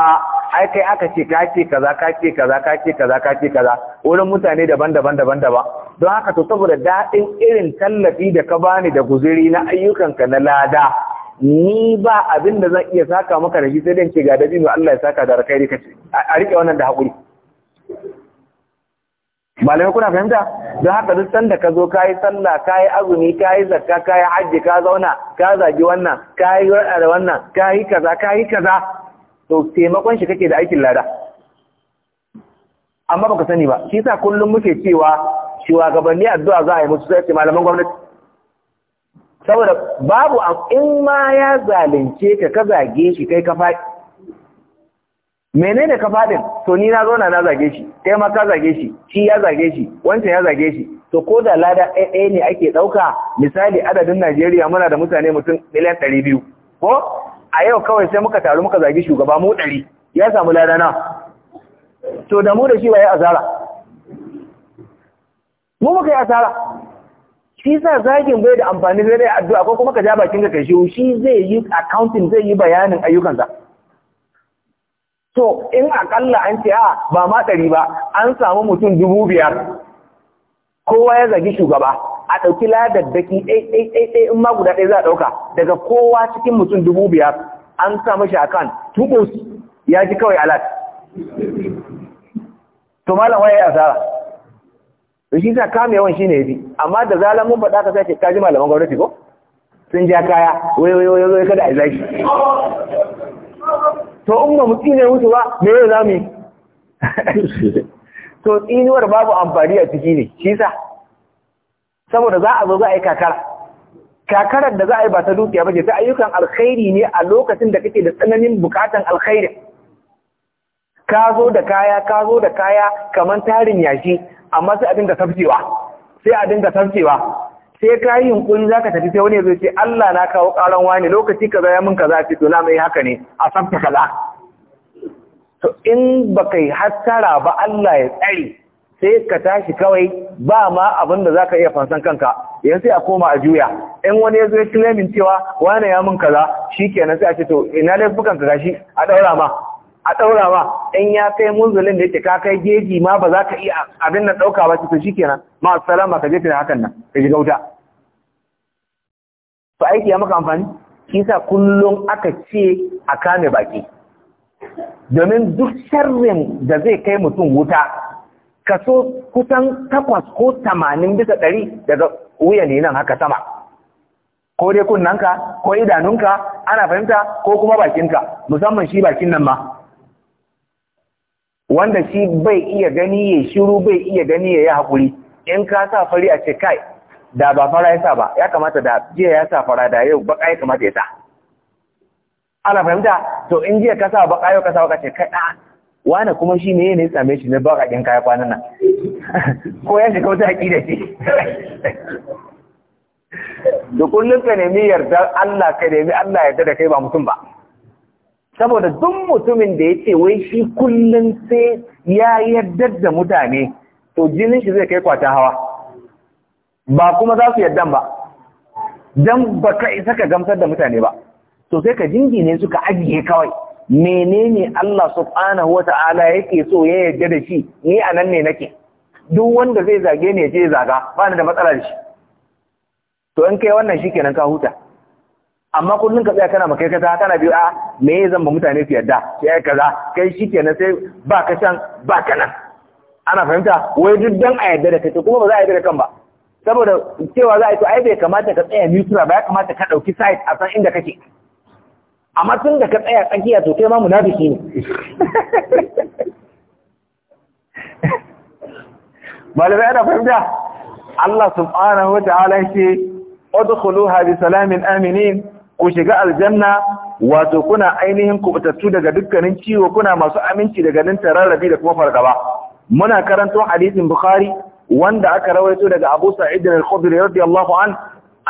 ai kai aka ce ka ce kaza ka ce kaza ka ce kaza ka ce kaza wurin mutane daban-daban daban-daban don haka to saboda daɗin irin tallafi da ka bani da guziri na ayyukan ka na lada ni ba abin da zan iya saka maka da shi sai dan ce ga dabino Allah ya saka da alkhairi kace a rike wannan da hakuri malamai kuna fahimta don haka duk sanda ka zo ka yi sallah ka yi azumi ka yi zakka ka yi hajji ka zauna ka zagi wannan ka yi da wannan ka yi kaza ka yi kaza to taimakon shi kake da aikin lada amma baka sani ba shi sa kullum muke cewa shugabanni addu'a za a yi musu sai ce malaman gwamnati saboda babu in ma ya zalunce ka ka zage shi kai ka faɗi menene ka faɗin to ni na zauna na zage shi kai ma ka zage shi shi ya zage shi wancan ya zage shi to ko da lada ɗaya ne ake ɗauka misali adadin Najeriya muna da mutane mutum miliyan ɗari biyu ko a yau kawai sai muka taru muka zage shugaba mu ɗari ya samu lada na to da mu da shi waye asara mu muka yi asara shi sa zagin bai da amfani sai dai addu'a ko kuma ka ja bakin ka kai shi shi zai yi accounting zai yi bayanin ayyukansa to in akalla an ce "Ah, ba ma ɗari ba an samu mutum dubu biyar kowa ya zagi shugaba a ɗauki ladaddaki ɗai in ma guda ɗaya za a ɗauka daga kowa cikin mutum dubu biyar an samu shi kan, tubus ya ji kawai alat to malam waye asara to shi sa kame yawan shi ya bi, amma da zalan mun faɗa ka sai ka ji malaman gwamnati ko sun ja kaya wai wai wai kada a zaki to in ba mu tsine mutu ba me yau za mu yi to tsinuwar babu amfani a ciki ne shi sa saboda za a zo za a yi kakara kakarar da za a yi ba ta dukiya ba ce ta ayyukan alkhairi ne a lokacin da kake da tsananin bukatan alkhairi ka zo da kaya ka zo da kaya kamar tarin yashi amma sai a dinga tafcewa sai a dinga tafcewa sai ka yi yunkuri za ka tafi sai wani zai ce Allah na kawo ƙaran wani lokaci kaza ya mun kaza ce to na mai haka ne a san to in ba kai hattara ba Allah ya tsare sai ka tashi kawai ba ma abin da za ka iya fansan kanka yanzu sai a koma a juya in wani ya zo ya cewa wani ya mun kaza shi kenan sai a ce to ina laifukan ka gashi a ɗaura ma a ɗaura ma in ya kai munzulin da yake ka kai geji ma ba za ka iya abin nan ɗauka ba to shi kenan ma salama ka je ta hakan nan ka ji gauta to aiki ya maka amfani shi sa kullum aka ce a kame baki domin duk sharrin da zai kai mutum wuta kaso kusan takwas ko tamanin bisa ɗari daga wuya ne nan haka sama ko dai kunnanka ko idanunka ana fahimta ko kuma bakinka musamman shi bakin nan ma wanda shi bai iya gani ya shiru bai iya gani ya yi haƙuri in ka sa fari a ce kai da ba fara ya sa ba ya kamata da jiya ya sa fara da yau baka ya kamata ya sa ana fahimta to in jiya ka sa baka yau ka sa baka ce kai da wani kuma shi ne ne same shi ne baka kin kaya kwanan nan ko ya shiga wata aqida shi? da kullum ka nemi yardar Allah ka nemi Allah ya da kai ba mutum ba saboda duk mutumin da ya ce wai shi kullum sai ya yardar da mutane to jinin shi zai kai kwata hawa ba kuma za su yaddan ba don ba ka isa ka gamsar da mutane ba to sai ka jingine su ka ajiye kawai menene Allah subhanahu wata'ala yake so ya yarda da shi ni a nan ne nake duk wanda zai zage ne ya je zaga ba ni da matsala da shi to in kai wannan shikenan ka huta amma kullum ka tsaya kana makai kasa kana biyu a me ya zamba mutane su yadda sai kaza kai shikenan sai ba ka can nan ana fahimta wai duk dan a yadda da kai kuma ba za a yadda da kan ba saboda cewa za a yi to ai bai kamata ka tsaya mutura ba ya kamata ka ɗauki site a san inda kake amma tun da ka tsaya tsakiya to kai ma munafiki ne malamai ana fahimta Allah subhanahu wa ta'ala yake ha bi salamin aminin ku shiga aljanna wato kuna ainihin kubutattu daga dukkanin ciwo kuna masu aminci daga nan tararrabi da kuma fargaba muna karanto hadisin bukhari wanda aka rawaito daga Abu Sa'id al-Khudri radiyallahu an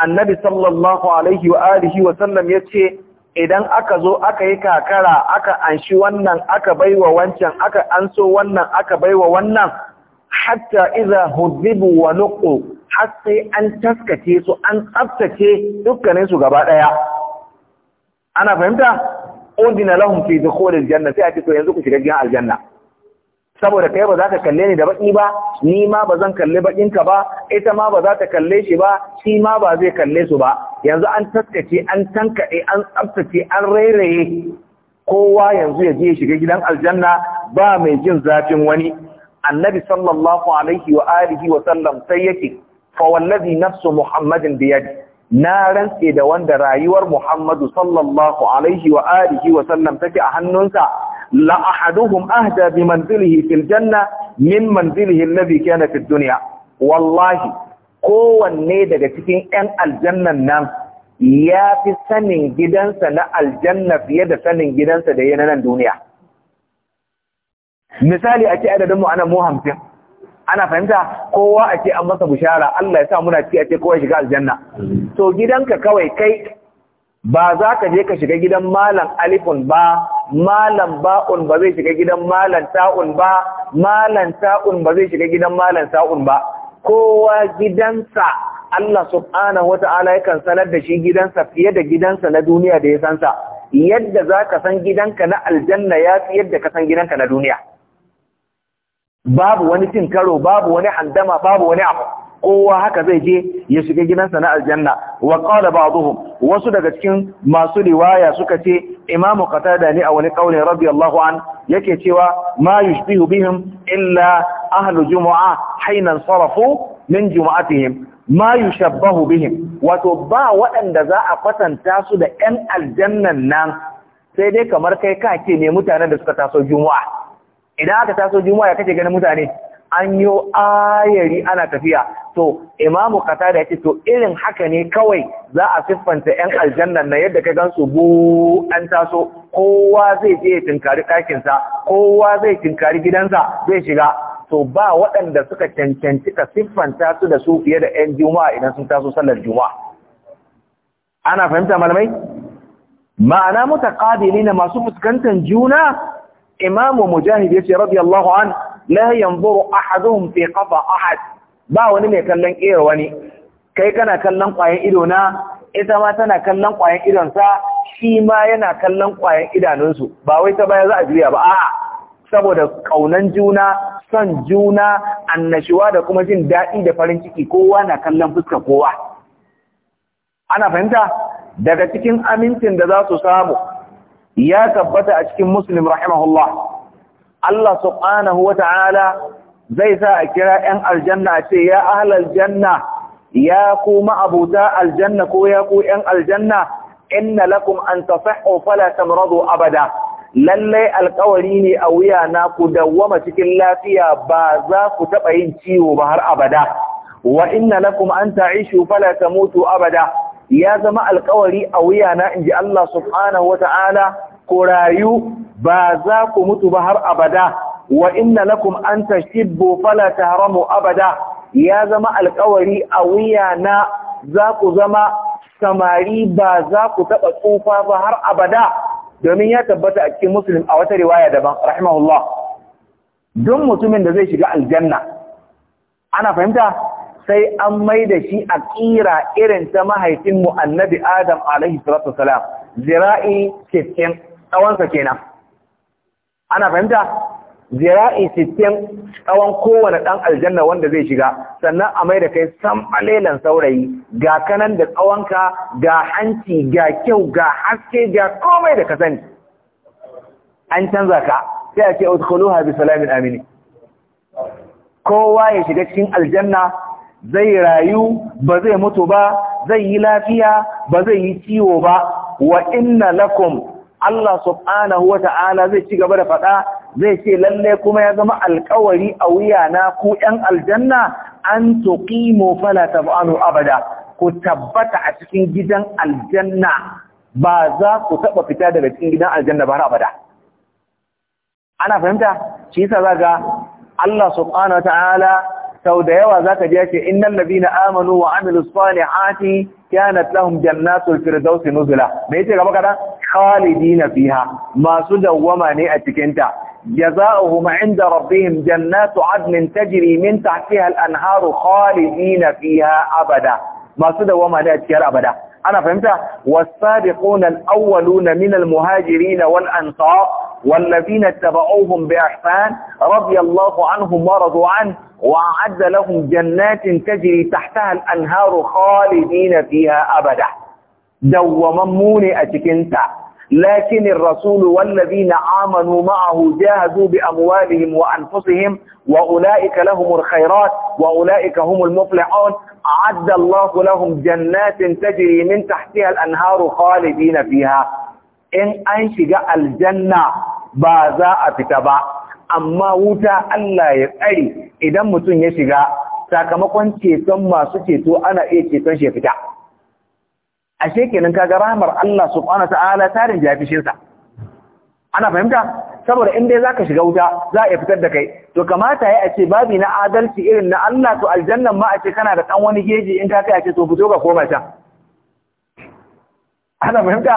annabi sallallahu alaihi wa alihi wa sallam yace idan aka zo aka yi kakara aka anshi wannan aka baiwa wancan aka anso wannan aka baiwa wannan hatta idza hudibu wa nuqu har sai an taskace su an tsaftace dukkanin su gaba daya ana fahimta udina fi dukhulil janna sai a ce to yanzu ku shiga gidan aljanna saboda kai ba za ka kalle ni da baki ba ni ma ba zan kalli bakinka ba ita ma ba za ta kalle shi ba shi ma ba zai kalle su ba yanzu an taskace an tankaɗe an tsaftace an rairaye kowa yanzu ya je ya shiga gidan aljanna ba mai jin zafin wani annabi sallallahu alaihi wa alihi wa sallam sai yake fa wallazi nafsu muhammadin yadi. na rantse da wanda rayuwar muhammadu sallallahu alaihi wa alihi wa sallam take a hannunsa la ahaduhum ahda bi manzilihi fil janna min manzilihi alladhi kana fid dunya wallahi kowanne daga cikin 'yan aljannan nan ya fi sanin gidansa na aljanna fiye da sanin gidansa da yana nan duniya misali ake adadin mu ana mu hamsin ana fahimta kowa ake an masa bushara Allah ya sa muna ciki ake kowa shiga aljanna to gidanka kawai kai ba za ka je ka shiga gidan malam alifun ba malam ba'un ba zai shiga gidan malam ta'un ba malam ta'un ba zai shiga gidan malam sa'un ba kowa gidansa Allah subhanahu Ta'ala yakan sanar da shi gidansa fiye da gidansa na duniya da ya san sa yadda za ka san gidanka na aljanna ya fi yadda ka san gidanka na duniya babu wani cin karo babu wani handama babu wani abu kowa haka zai je ya shiga gidansa na aljanna wa qala ba'dhum wasu daga cikin masu riwaya suka ce imamu qatada ne a wani kauli radiyallahu an yake cewa ma yushbihu bihim illa ahlu jumu'a hainan sarafu min jumu'atihim ma yushabbahu bihim wato ba waɗanda za a kwatanta su da 'yan aljannan nan sai dai kamar kai kake ne mutanen da suka taso juma'a idan aka taso juma'a ya kake ganin mutane an yi ayari ana tafiya to imamu kata da yake to irin haka ne kawai za a siffanta yan aljannan na yadda ka gansu bu an taso kowa zai je ya tinkari ɗakinsa kowa zai tinkari gidansa zai shiga to ba waɗanda suka cancanci ka siffanta su da su fiye da yan juma'a idan sun taso sallar juma'a ana fahimta malamai ma'ana na masu fuskantar juna imamu mujahid yace radiyallahu anhu la yanzuru ahaduhum fi qafa ahad ba wani mai kallon ƙera wani kai kana kallon ƙwayan ido na ita ma tana kallon ƙwayan sa shi ma yana kallon ƙwayan idanunsu ba wai ta baya za a juya ba a'a saboda ƙaunan juna son juna annashuwa da kuma jin daɗi da farin ciki kowa na kallon fuska kowa ana fahimta daga cikin amincin da za su samu ya tabbata a cikin muslim rahimahullah Allah subhanahu wa ta'ala zai sa a kira ‘yan aljanna a ce, “Ya ahalar janna, ya kuma abuta aljanna ko ya ku ‘yan aljanna, inna lakum an tafi'o fala tamrado abada, lallai alkawari ne a wuya na ku dawwama cikin lafiya ba za ku taɓa yin ciwo ba har abada, wa inna lakum an ta'ishu falata mutu abada, ya zama alkawari a wuya na in ji Allah subhanahu wa ta'ala, ku rayu ba za ku mutu ba har abada wa inna lakum an tashibbu fala tahramu abada ya zama alƙawari a wuya na za ku zama samari ba za ku taɓa tsufa ba har abada domin ya tabbata a cikin muslim a wata riwaya daban rahimahullah don mutumin da zai shiga aljanna ana fahimta sai an mai da shi a ƙira irin ta mahaifinmu annabi adam alaihi salatu wasalam zira'i tsawonsa kenan ana fahimta zira'i sittin tsawon kowane ɗan aljanna wanda zai shiga sannan a mai da kai san lelan saurayi ga kanan da tsawonka ga hanci ga kyau ga haske ga komai da ka sani an canza ka sai a ce udkhuluha habi salamin amini kowa ya shiga cikin aljanna zai rayu ba zai mutu ba zai yi lafiya ba zai yi ciwo ba wa inna lakum Allah subhanahu wa ta'ala zai ci gaba da faɗa zai ce lalle kuma ya zama alkawari a wuya na ku ‘yan aljanna an tuqimu ta tab'anu abada ku tabbata a cikin gidan aljanna ba za ku taɓa fita daga cikin gidan aljanna ba har abada ana fahimta shi za zaga Allah subhanahu wa ta'ala sau da yawa zaka ji yace innal ladina amanu wa amilus salihati kanat lahum jannatul firdaus nuzula me yace gaba kada khalidina fiha جزاؤهم عند ربهم جنات عدن تجري من تحتها الأنهار خالدين فيها أبدا ما سدى وما لا أتكار أبدا أنا فهمتها والسابقون الأولون من المهاجرين والأنصار والذين اتبعوهم بإحسان رضي الله عنهم ورضوا عنه وأعد لهم جنات تجري تحتها الأنهار خالدين فيها أبدا دوممون أتكنت لكن الرسول والذين آمنوا معه جاهدوا بأموالهم وأنفسهم وأولئك لهم الخيرات وأولئك هم المفلحون أعد الله لهم جنات تجري من تحتها الأنهار خالدين فيها إن أنشق الجنة بازاء تتبع amma wuta Allah ya tsare idan mutum ya shiga sakamakon ceton masu ceto ana iya ceton shi fita ashe kenan kaga rahamar Allah subhanahu ta'ala tarin jafishinsa ana fahimta saboda in dai zaka shiga wuta za a fitar da kai to kamata yayi a ce babi na adalci irin na Allah to aljannan ma a ce kana da dan wani geji in ka kai a ce to fito ga koma can ana fahimta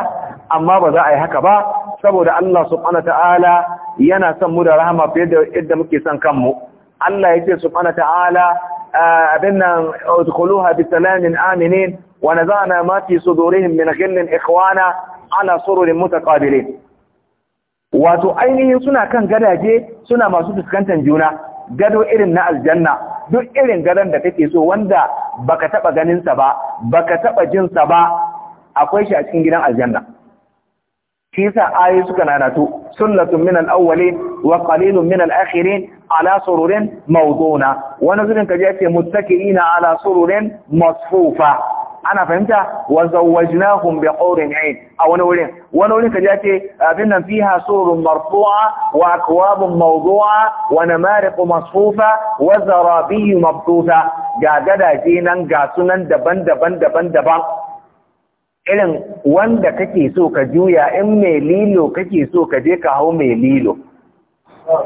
amma ba za a yi haka ba saboda Allah subhanahu ta'ala yana son mu da rahama fiye da yadda muke son kanmu Allah yake subhanahu ta'ala ah, abin nan udkhuluha bi salamin aminin wa nazana ma fi sudurihim min ghillin ikhwana ala sururin mutaqabilin wato ainihin suna kan gadaje suna masu fuskantar juna gado irin na aljanna duk irin gadon da kake so wanda baka taba ganin sa ba baka taba jin sa ba akwai shi a cikin gidan aljanna shi yasa ayoyi suka nanatu sunnatun min al wa qalilun min al-akhirin ala sururin mawduna wani zurin kaje yace muttaki'ina ala sururin masfufa ana fahimta wa zawwajnahum bi hawrin 'ain a wani wurin wani wurin kaje yace abin nan fiha sururun marfu'a wa akwabun mawdu'a wa namariq masfufa wa zarabiy mabtuta ga gadaje nan ga sunan daban-daban daban-daban irin wanda kake so ka juya in mai lilo kake so ka je ka hau mai lilo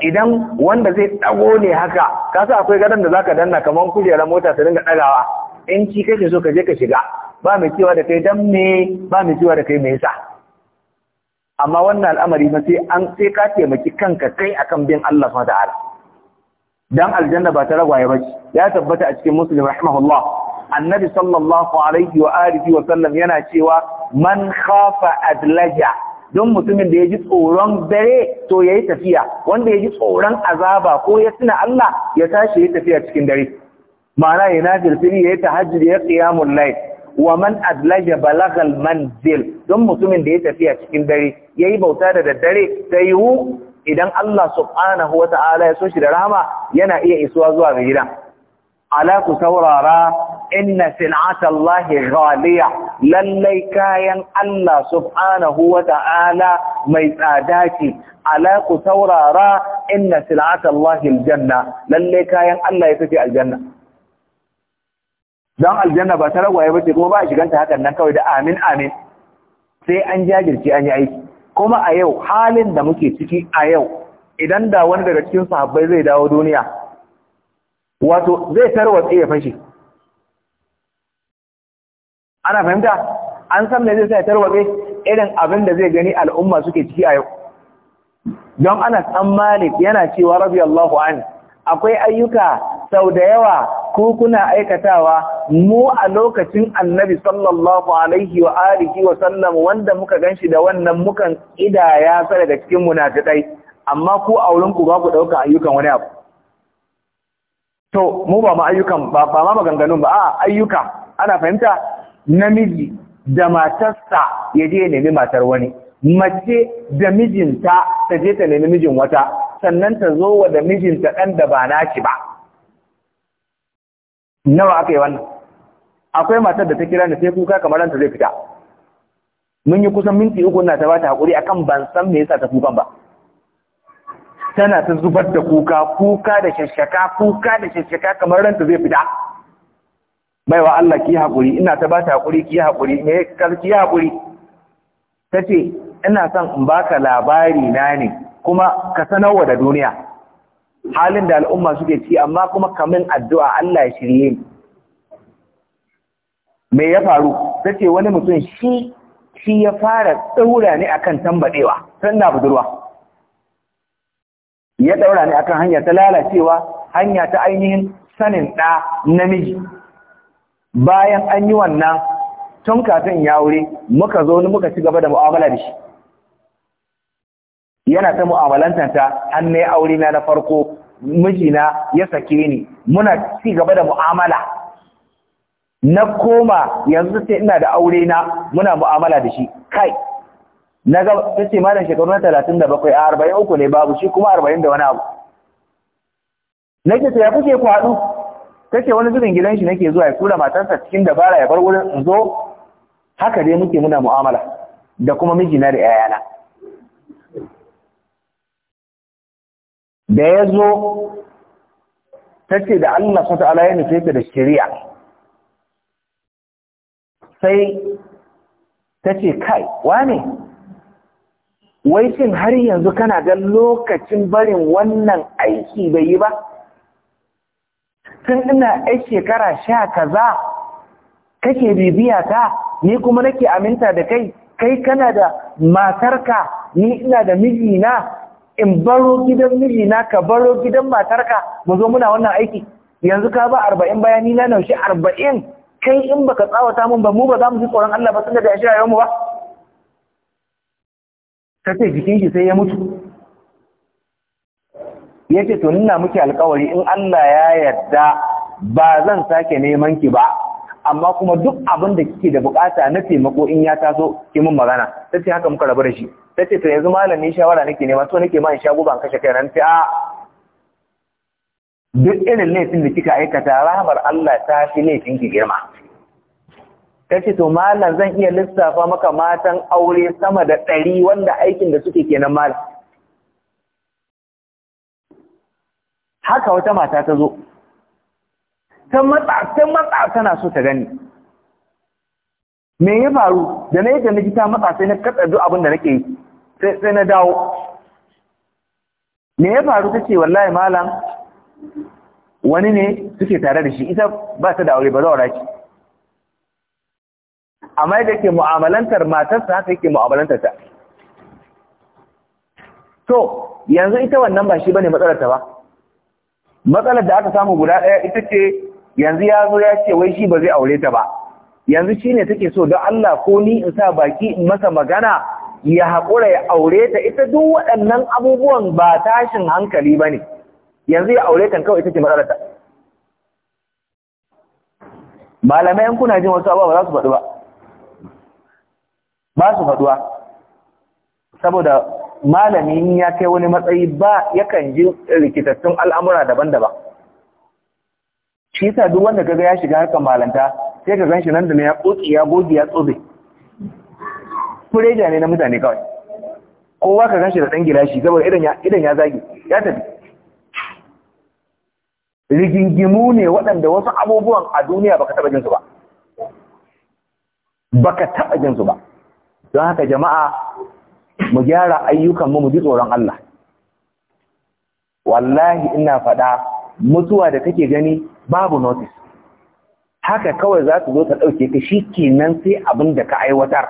idan wanda zai ɗago ne haka ka akwai gadon da zaka danna kamar kujerar mota ta dinga ɗagawa in ci kake so ka je ka shiga ba mai cewa da kai dan me ba mai cewa da kai me yasa amma wannan al'amari ma sai an sai ka taimaki kanka kai akan bin Allah subhanahu wa dan aljanna ba ta ragwaye ba ya tabbata a cikin muslim rahimahullah annabi sallallahu alaihi wa alihi wa sallam yana cewa man khafa adlaja don mutumin da ya ji tsoron dare to yayi tafiya wanda ya ji tsoron azaba ko ya tuna Allah ya tashi ya tafiya cikin dare ma'ana ya na firfiri ya yi tahajjud ya qiyamul layl wa man adlaja balagal manzil don mutumin da ya tafiya cikin dare ya yi bauta da daddare ta yiwu idan Allah subhanahu wa ta'ala ya so shi da rahama yana iya isuwa zuwa ga gida ala ku saurara inna sin'atallahi ghaliya lallai kayan Allah subhanahu wa ta'ala mai tsada ce ala ku saurara inna sin'atallahi aljanna lallai kayan Allah ya tafi aljanna dan aljanna ba ta ragwaye ba ce kuma ba a shiganta hakan nan kawai da amin amin sai an jajirce an yi aiki kuma a yau halin da muke ciki a yau idan da wani daga cikin sahabbai zai dawo duniya wato zai tarwatse ya fashe ana fahimta an san da zai sa ya tarwatse irin abin da zai gani al'umma suke ciki a yau don ana tsammanin yana cewa rabi radiyallahu an akwai ayyuka sau da yawa ko kuna aikatawa mu a lokacin annabi sallallahu alaihi wa alihi wa sallam wanda muka ganshi da wannan mukan idaya sai daga cikin munafikai amma ku a wurin ku ba ku dauka ayyukan wani abu to mu ba ma ayyukan ba ba ma maganganun ba a ayyuka ana fahimta namiji da matarsa ya je ya nemi matar wani mace da mijinta ta je ta nemi mijin wata sannan ta zo wa da mijinta ɗan da ba naci ba nawa aka yi wannan akwai matar da ta kira da sai kuka kamar ranta zai fita mun yi kusan minti uku na ta ba ta haƙuri akan ban san me yasa ta kukan ba tana ta zubar da kuka kuka da shashaka kuka da shashaka kamar ranta zai fita baiwa Allah ki haƙuri ina ta ba ta haƙuri ki haƙuri me ki haƙuri tace ina son in baka labari na ne kuma ka sanarwa da duniya halin da al'umma suke ci amma kuma kamin addu'a Allah ya shirye ni me ya faru tace wani mutum shi shi ya fara tsaura ne akan tambadewa sannan budurwa ya ɗaura ne akan hanya ta lalacewa hanya ta ainihin sanin ɗa namiji bayan an yi wannan tun kafin ya wuri muka zo ni muka ci gaba da mu'amala da shi yana ta mu'amalantanta an na aure na na farko mijina ya sake ni muna ci gaba da mu'amala na koma yanzu sai ina da aure na muna mu'amala da shi kai na ga tace malam shekaru na 37 a arba'in uku ne babu shi kuma arba'in da wani abu na ke ya kuke ku hadu? ta wani zubin gidan shi nake zuwa ya kula matarsa cikin dabara ya bar wurin in zo haka dai muke muna mu'amala da kuma na da 'ya'yana da ya zo ta da Allah sata ta'ala ya nufi da shari'a sai tace ce kai wane wai shin har yanzu kana ga lokacin barin wannan aiki bai yi ba tun ina ai shekara sha kaza kake bibiya ta ni kuma nake aminta da kai kai kana da matarka ni ina da mijina in baro gidan mijina ka baro gidan matarka mu zo muna wannan aiki yanzu ka ba arba'in bayani na naushe arba'in kai in baka tsawata mun ba mu ba za mu ji tsoron Allah ba tunda da shi rayuwar mu ba ta ce jikin shi sai ya mutu ya ce to nuna muke alkawari in Allah ya yarda ba zan sake neman ki ba amma kuma duk abin da kike da bukata na taimako in ya taso ki mun magana ta ce haka muka rabu da shi ta ce to yanzu malami shawara nake nema to nake ma in shago ban kashe kai ran sai duk irin laifin da kika aikata rahamar Allah ta fi laifin ki girma ta ce to malam zan iya lissafa maka matan aure sama da ɗari wanda aikin da suke kenan malam haka wata mata ta zo ta matsa ta matsa tana so ta gani me ya faru da na yi na ji ta matsa sai na katsa duk abin da nake yi sai na dawo me ya faru ta ce wallahi malam wani ne suke tare da shi ita ba ta da aure ba za a amma yadda yake mu'amalantar matarsa haka yake mu'amalantar ta to yanzu ita wannan ba shi ba ne matsalarta ba matsalar da aka samu guda ɗaya ita ce yanzu ya zo ya ce wai shi ba zai aure ta ba yanzu shi ne take so don Allah ko ni in sa baki in masa magana ya haƙura ya aure ta ita duk waɗannan abubuwan ba tashin hankali ba ne yanzu ya aure ta kawai ita ce matsalarta. malamai yankuna jin wasu abubuwa ba za su faɗi ba ba su faduwa saboda malami ya kai wani matsayi ba yakan ji rikitattun al'amura daban-daban shi yasa duk wanda kaga ya shiga harkar malanta sai ka ganshi nan da na ya ƙoƙi ya goge ya tsobe fureja ne na mutane kawai kowa ka ganshi da ɗan gilashi saboda idan ya zagi ya tafi rigingimu ne waɗanda wasu abubuwan a duniya baka taɓa jinsu ba baka taɓa jinsu ba don haka jama'a mu gyara ayyukan mu ji tsoron Allah wallahi ina faɗa mutuwa da kake gani babu notice haka kawai za su zo ta ɗauke ka shi kenan sai abin da ka aiwatar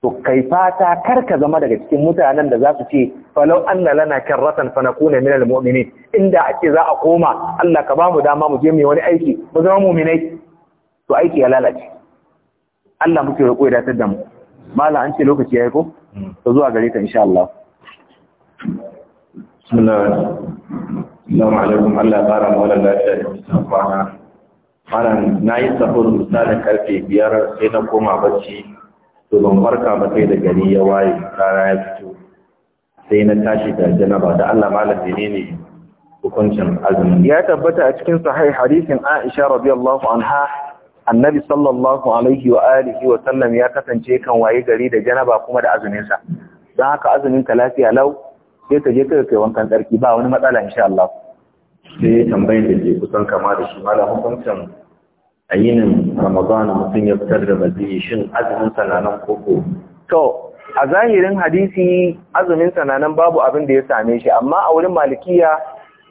to kai fata kar ka zama daga cikin mutanen da za su ce falau anna lana karratan fa nakuna min almu'minin inda ake za a koma Allah ka bamu mu dama mu je mu wani aiki mu zama mu'minai to aiki ya lalace Allah muke roƙo ya datar da mu mala an ce lokaci yayi ko to zuwa gare ka insha Allah bismillah assalamu alaikum Allah ya fara mawala lafiya da na yi sahur misalin karfe biyar sai na koma bacci to ban farka ba sai da gari ya waye rana ya fito sai na tashi da janaba da Allah malam menene hukuncin azumi ya tabbata a cikin sahih hadisin Aisha radiyallahu anha annabi sallallahu alaihi wa alihi wa sallam ya kasance kan waye gari da janaba kuma da azumin sa dan haka azumin ka lafiya lau sai ka je ka kai wankan tsarki ba wani matsala insha Allah sai tambayar da ke kusan kama da shi malam hukuncin a yinin Ramadan mutum ya fitar da mazi shin azumin sananan koko to a zahirin hadisi azumin sananan babu abin da ya same shi amma a wurin malikiya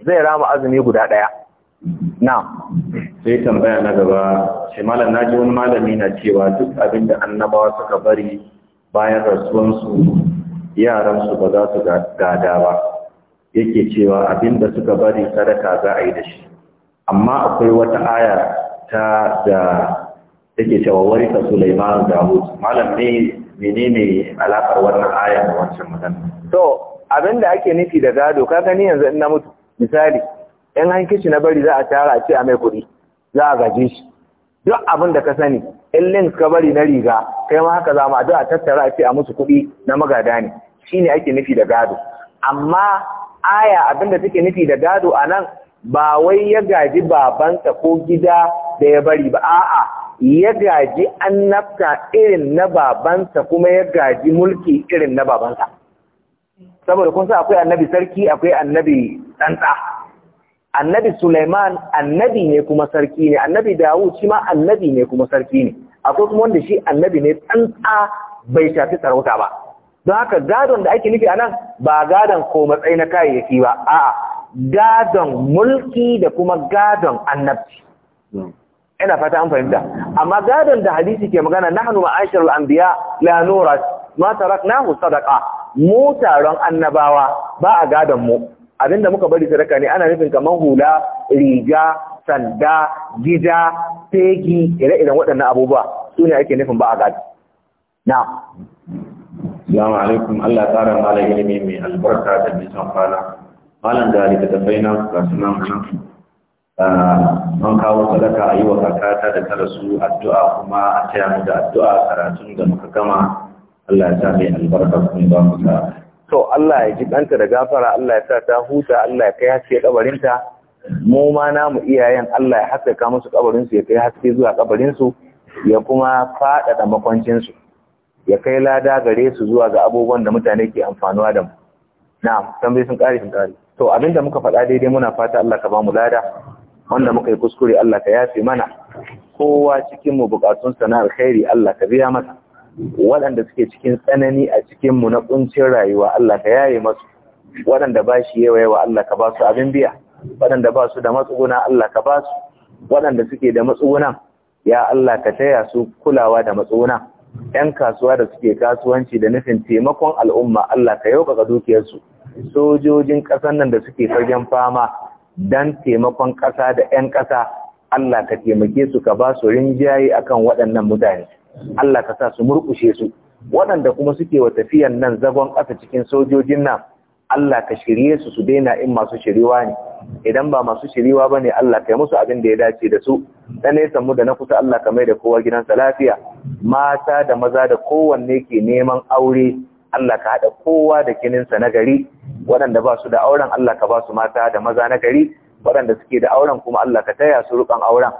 zai rama azumi guda daya na sai tambaya na gaba shi malam na wani malami na cewa duk abinda da annabawa suka bari bayan rasuwansu yaransu ba za su gada ba yake cewa abin suka bari sadaka za a yi da shi amma akwai wata aya ta da take cewa warisa Sulaiman Dawud malam ne menene alakar wannan aya da wancan magana to abin da ake nufi da gado ka gani yanzu na mutu misali in an kishi na bari za a tara ce a mai kuɗi za a gaje shi duk abin da ka sani in links ka bari na riga kai ma haka za mu a a tattara a ce a musu kuɗi na magada ne shine ake nufi da gado amma aya abin da take nufi da gado a nan ba wai ya gaji babansa ko gida da ya bari ba a'a ya gaji annabta irin na babansa kuma ya gaji mulki irin na babansa saboda kun sa akwai annabi sarki akwai annabi tsantsa annabi Sulaiman annabi ne kuma sarki ne annabi Dawud shi ma annabi ne kuma sarki ne akwai kuma wanda shi annabi ne tsantsa bai shafi sarauta ba don haka gadon da ake nufi anan ba gadon ko matsayi na kayayyaki ba a'a gadon mulki da kuma gadon annabci ina fata an fahimta amma gadon da hadisi ke magana nahnu ma'asharul anbiya la nurat ma taraknahu sadaqa mu taron annabawa ba a gadon mu abinda muka bari sadaka ne ana nufin kamar hula riga sanda gida fegi ire-iren waɗannan abubuwa su ne ake nufin ba a gaji na Assalamu alaikum Allah tsara mala ilimi mai albarka da nisan kwana malam da alika da faina ga sunan ah, an kawo sadaka a yi wa kakata da ta rasu addu'a kuma a taya mu da addu'a karatun da muka gama Allah ya sa mai albarka kuma ba mu sa'a to Allah ya ji ɗanta da gafara Allah ya sa ta huta Allah ya kai haske kabarinta mu ma namu iyayen Allah ya haskaka musu kabarinsu ya kai haske zuwa kabarinsu ya kuma faɗaɗa makwancinsu ya kai lada gare su zuwa ga abubuwan da mutane ke amfanuwa da mu na'am tambayi sun kare sun ƙare. to da muka faɗa daidai muna fata Allah ka ba mu lada wanda muka yi kuskure Allah ka yafe mana kowa cikin mu bukatun sana'ar khairi Allah ka biya masa waɗanda suke cikin tsanani a cikin mu na ƙuncin rayuwa Allah ka yaye masu waɗanda ba shi yawa yawa Allah ka ba su abin biya waɗanda ba su da matsuguna Allah ka ba su waɗanda suke da matsuguna ya Allah ka taya su kulawa da matsuguna ‘yan kasuwa da suke kasuwanci da nufin taimakon al'umma Allah ka yau yaukaka dukiyarsu sojojin ƙasar nan da suke fagen fama don taimakon ƙasa da ‘yan ƙasa Allah ka taimake su ka ba su rinjaye akan waɗannan mutane. Allah ka sa su murkushe su waɗanda kuma suke wa tafiyan nan zagon ƙasa cikin sojojin nan Allah ka shirye su su daina in masu shiriwa ne idan ba masu shiriwa ne, Allah ka yi musu abin da ya dace da su na nesa mu da na kusa Allah ka mai da kowa gidansa lafiya mata da maza da kowanne ke neman aure Allah ka haɗa kowa da kininsa na gari waɗanda ba su da auren Allah ka ba su mata da maza na gari waɗanda suke da auren kuma Allah ka taya su rukan auren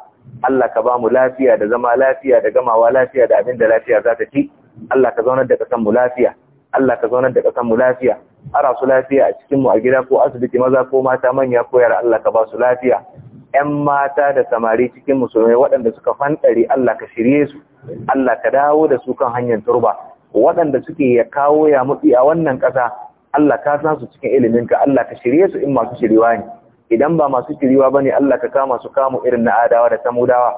Allah ka bamu lafiya da zama lafiya da gamawa lafiya da abin da lafiya za ta ci Allah ka zaunar da kasan mu lafiya Allah ka zaunar da kasan mu lafiya ara su lafiya a cikin a gida ko asibiti maza ko mata manya ko yara Allah ka ba su lafiya ƴan mata da samari cikin musulmai waɗanda suka fantsare Allah ka shirye su Allah ka dawo da su kan hanyar turba waɗanda suke ya kawo ya mutsi a wannan ƙasa Allah ka san su cikin iliminka Allah ka shirye su in masu shiriwa ne idan ba masu kiriwa ba ne Allah ka kama su kama irin na adawa da samudawa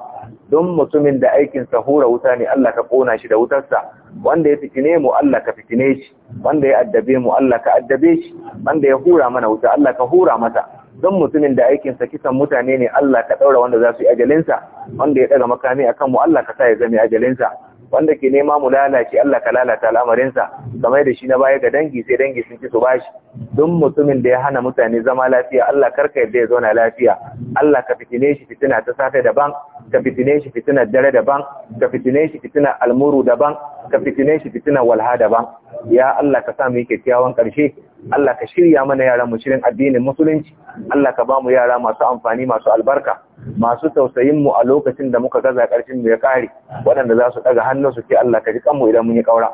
don mutumin da aikin hura wuta ne Allah ka kona shi da wutarsa wanda ya fitine mu Allah ka fitine shi wanda ya addabe mu Allah ka addabe shi wanda ya hura mana wuta Allah ka hura mata don mutumin da aikinsa kisan mutane ne Allah ka ɗaura wanda za su yi ajalinsa wanda ya ɗaga makami a kanmu Allah ka sa ya zama ajalinsa wanda ke nema mu lalace Allah ka lalata al'amarinsa kamar da shi na baya ga dangi sai dangi sun ci su bashi duk mutumin da ya hana mutane zama lafiya Allah karka yadda ya zauna lafiya Allah ka fitine shi fitina ta safe daban ka fitine shi fitina dare daban ka fitine shi fitina almuru daban ka fitine shi fitina walha daban ya Allah ka sa mu yi kyakkyawan karshe Allah ka shirya mana yara mu shirin addinin musulunci Allah ka bamu yara masu amfani masu albarka masu tausayin mu a lokacin da muka gaza karshen mu ya kare waɗanda za su daga hannun su ce Allah ka ji mu idan mun yi kaura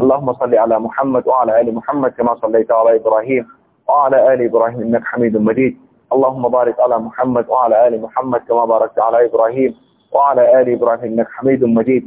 Allahumma salli ala Muhammad wa ala ali Muhammad kama sallaita ala Ibrahim wa ala ali Ibrahim innaka Hamidum Majid Allahumma barik ala Muhammad wa ala ali Muhammad kama barakta ala Ibrahim wa ala ali Ibrahim innaka Hamidum Majid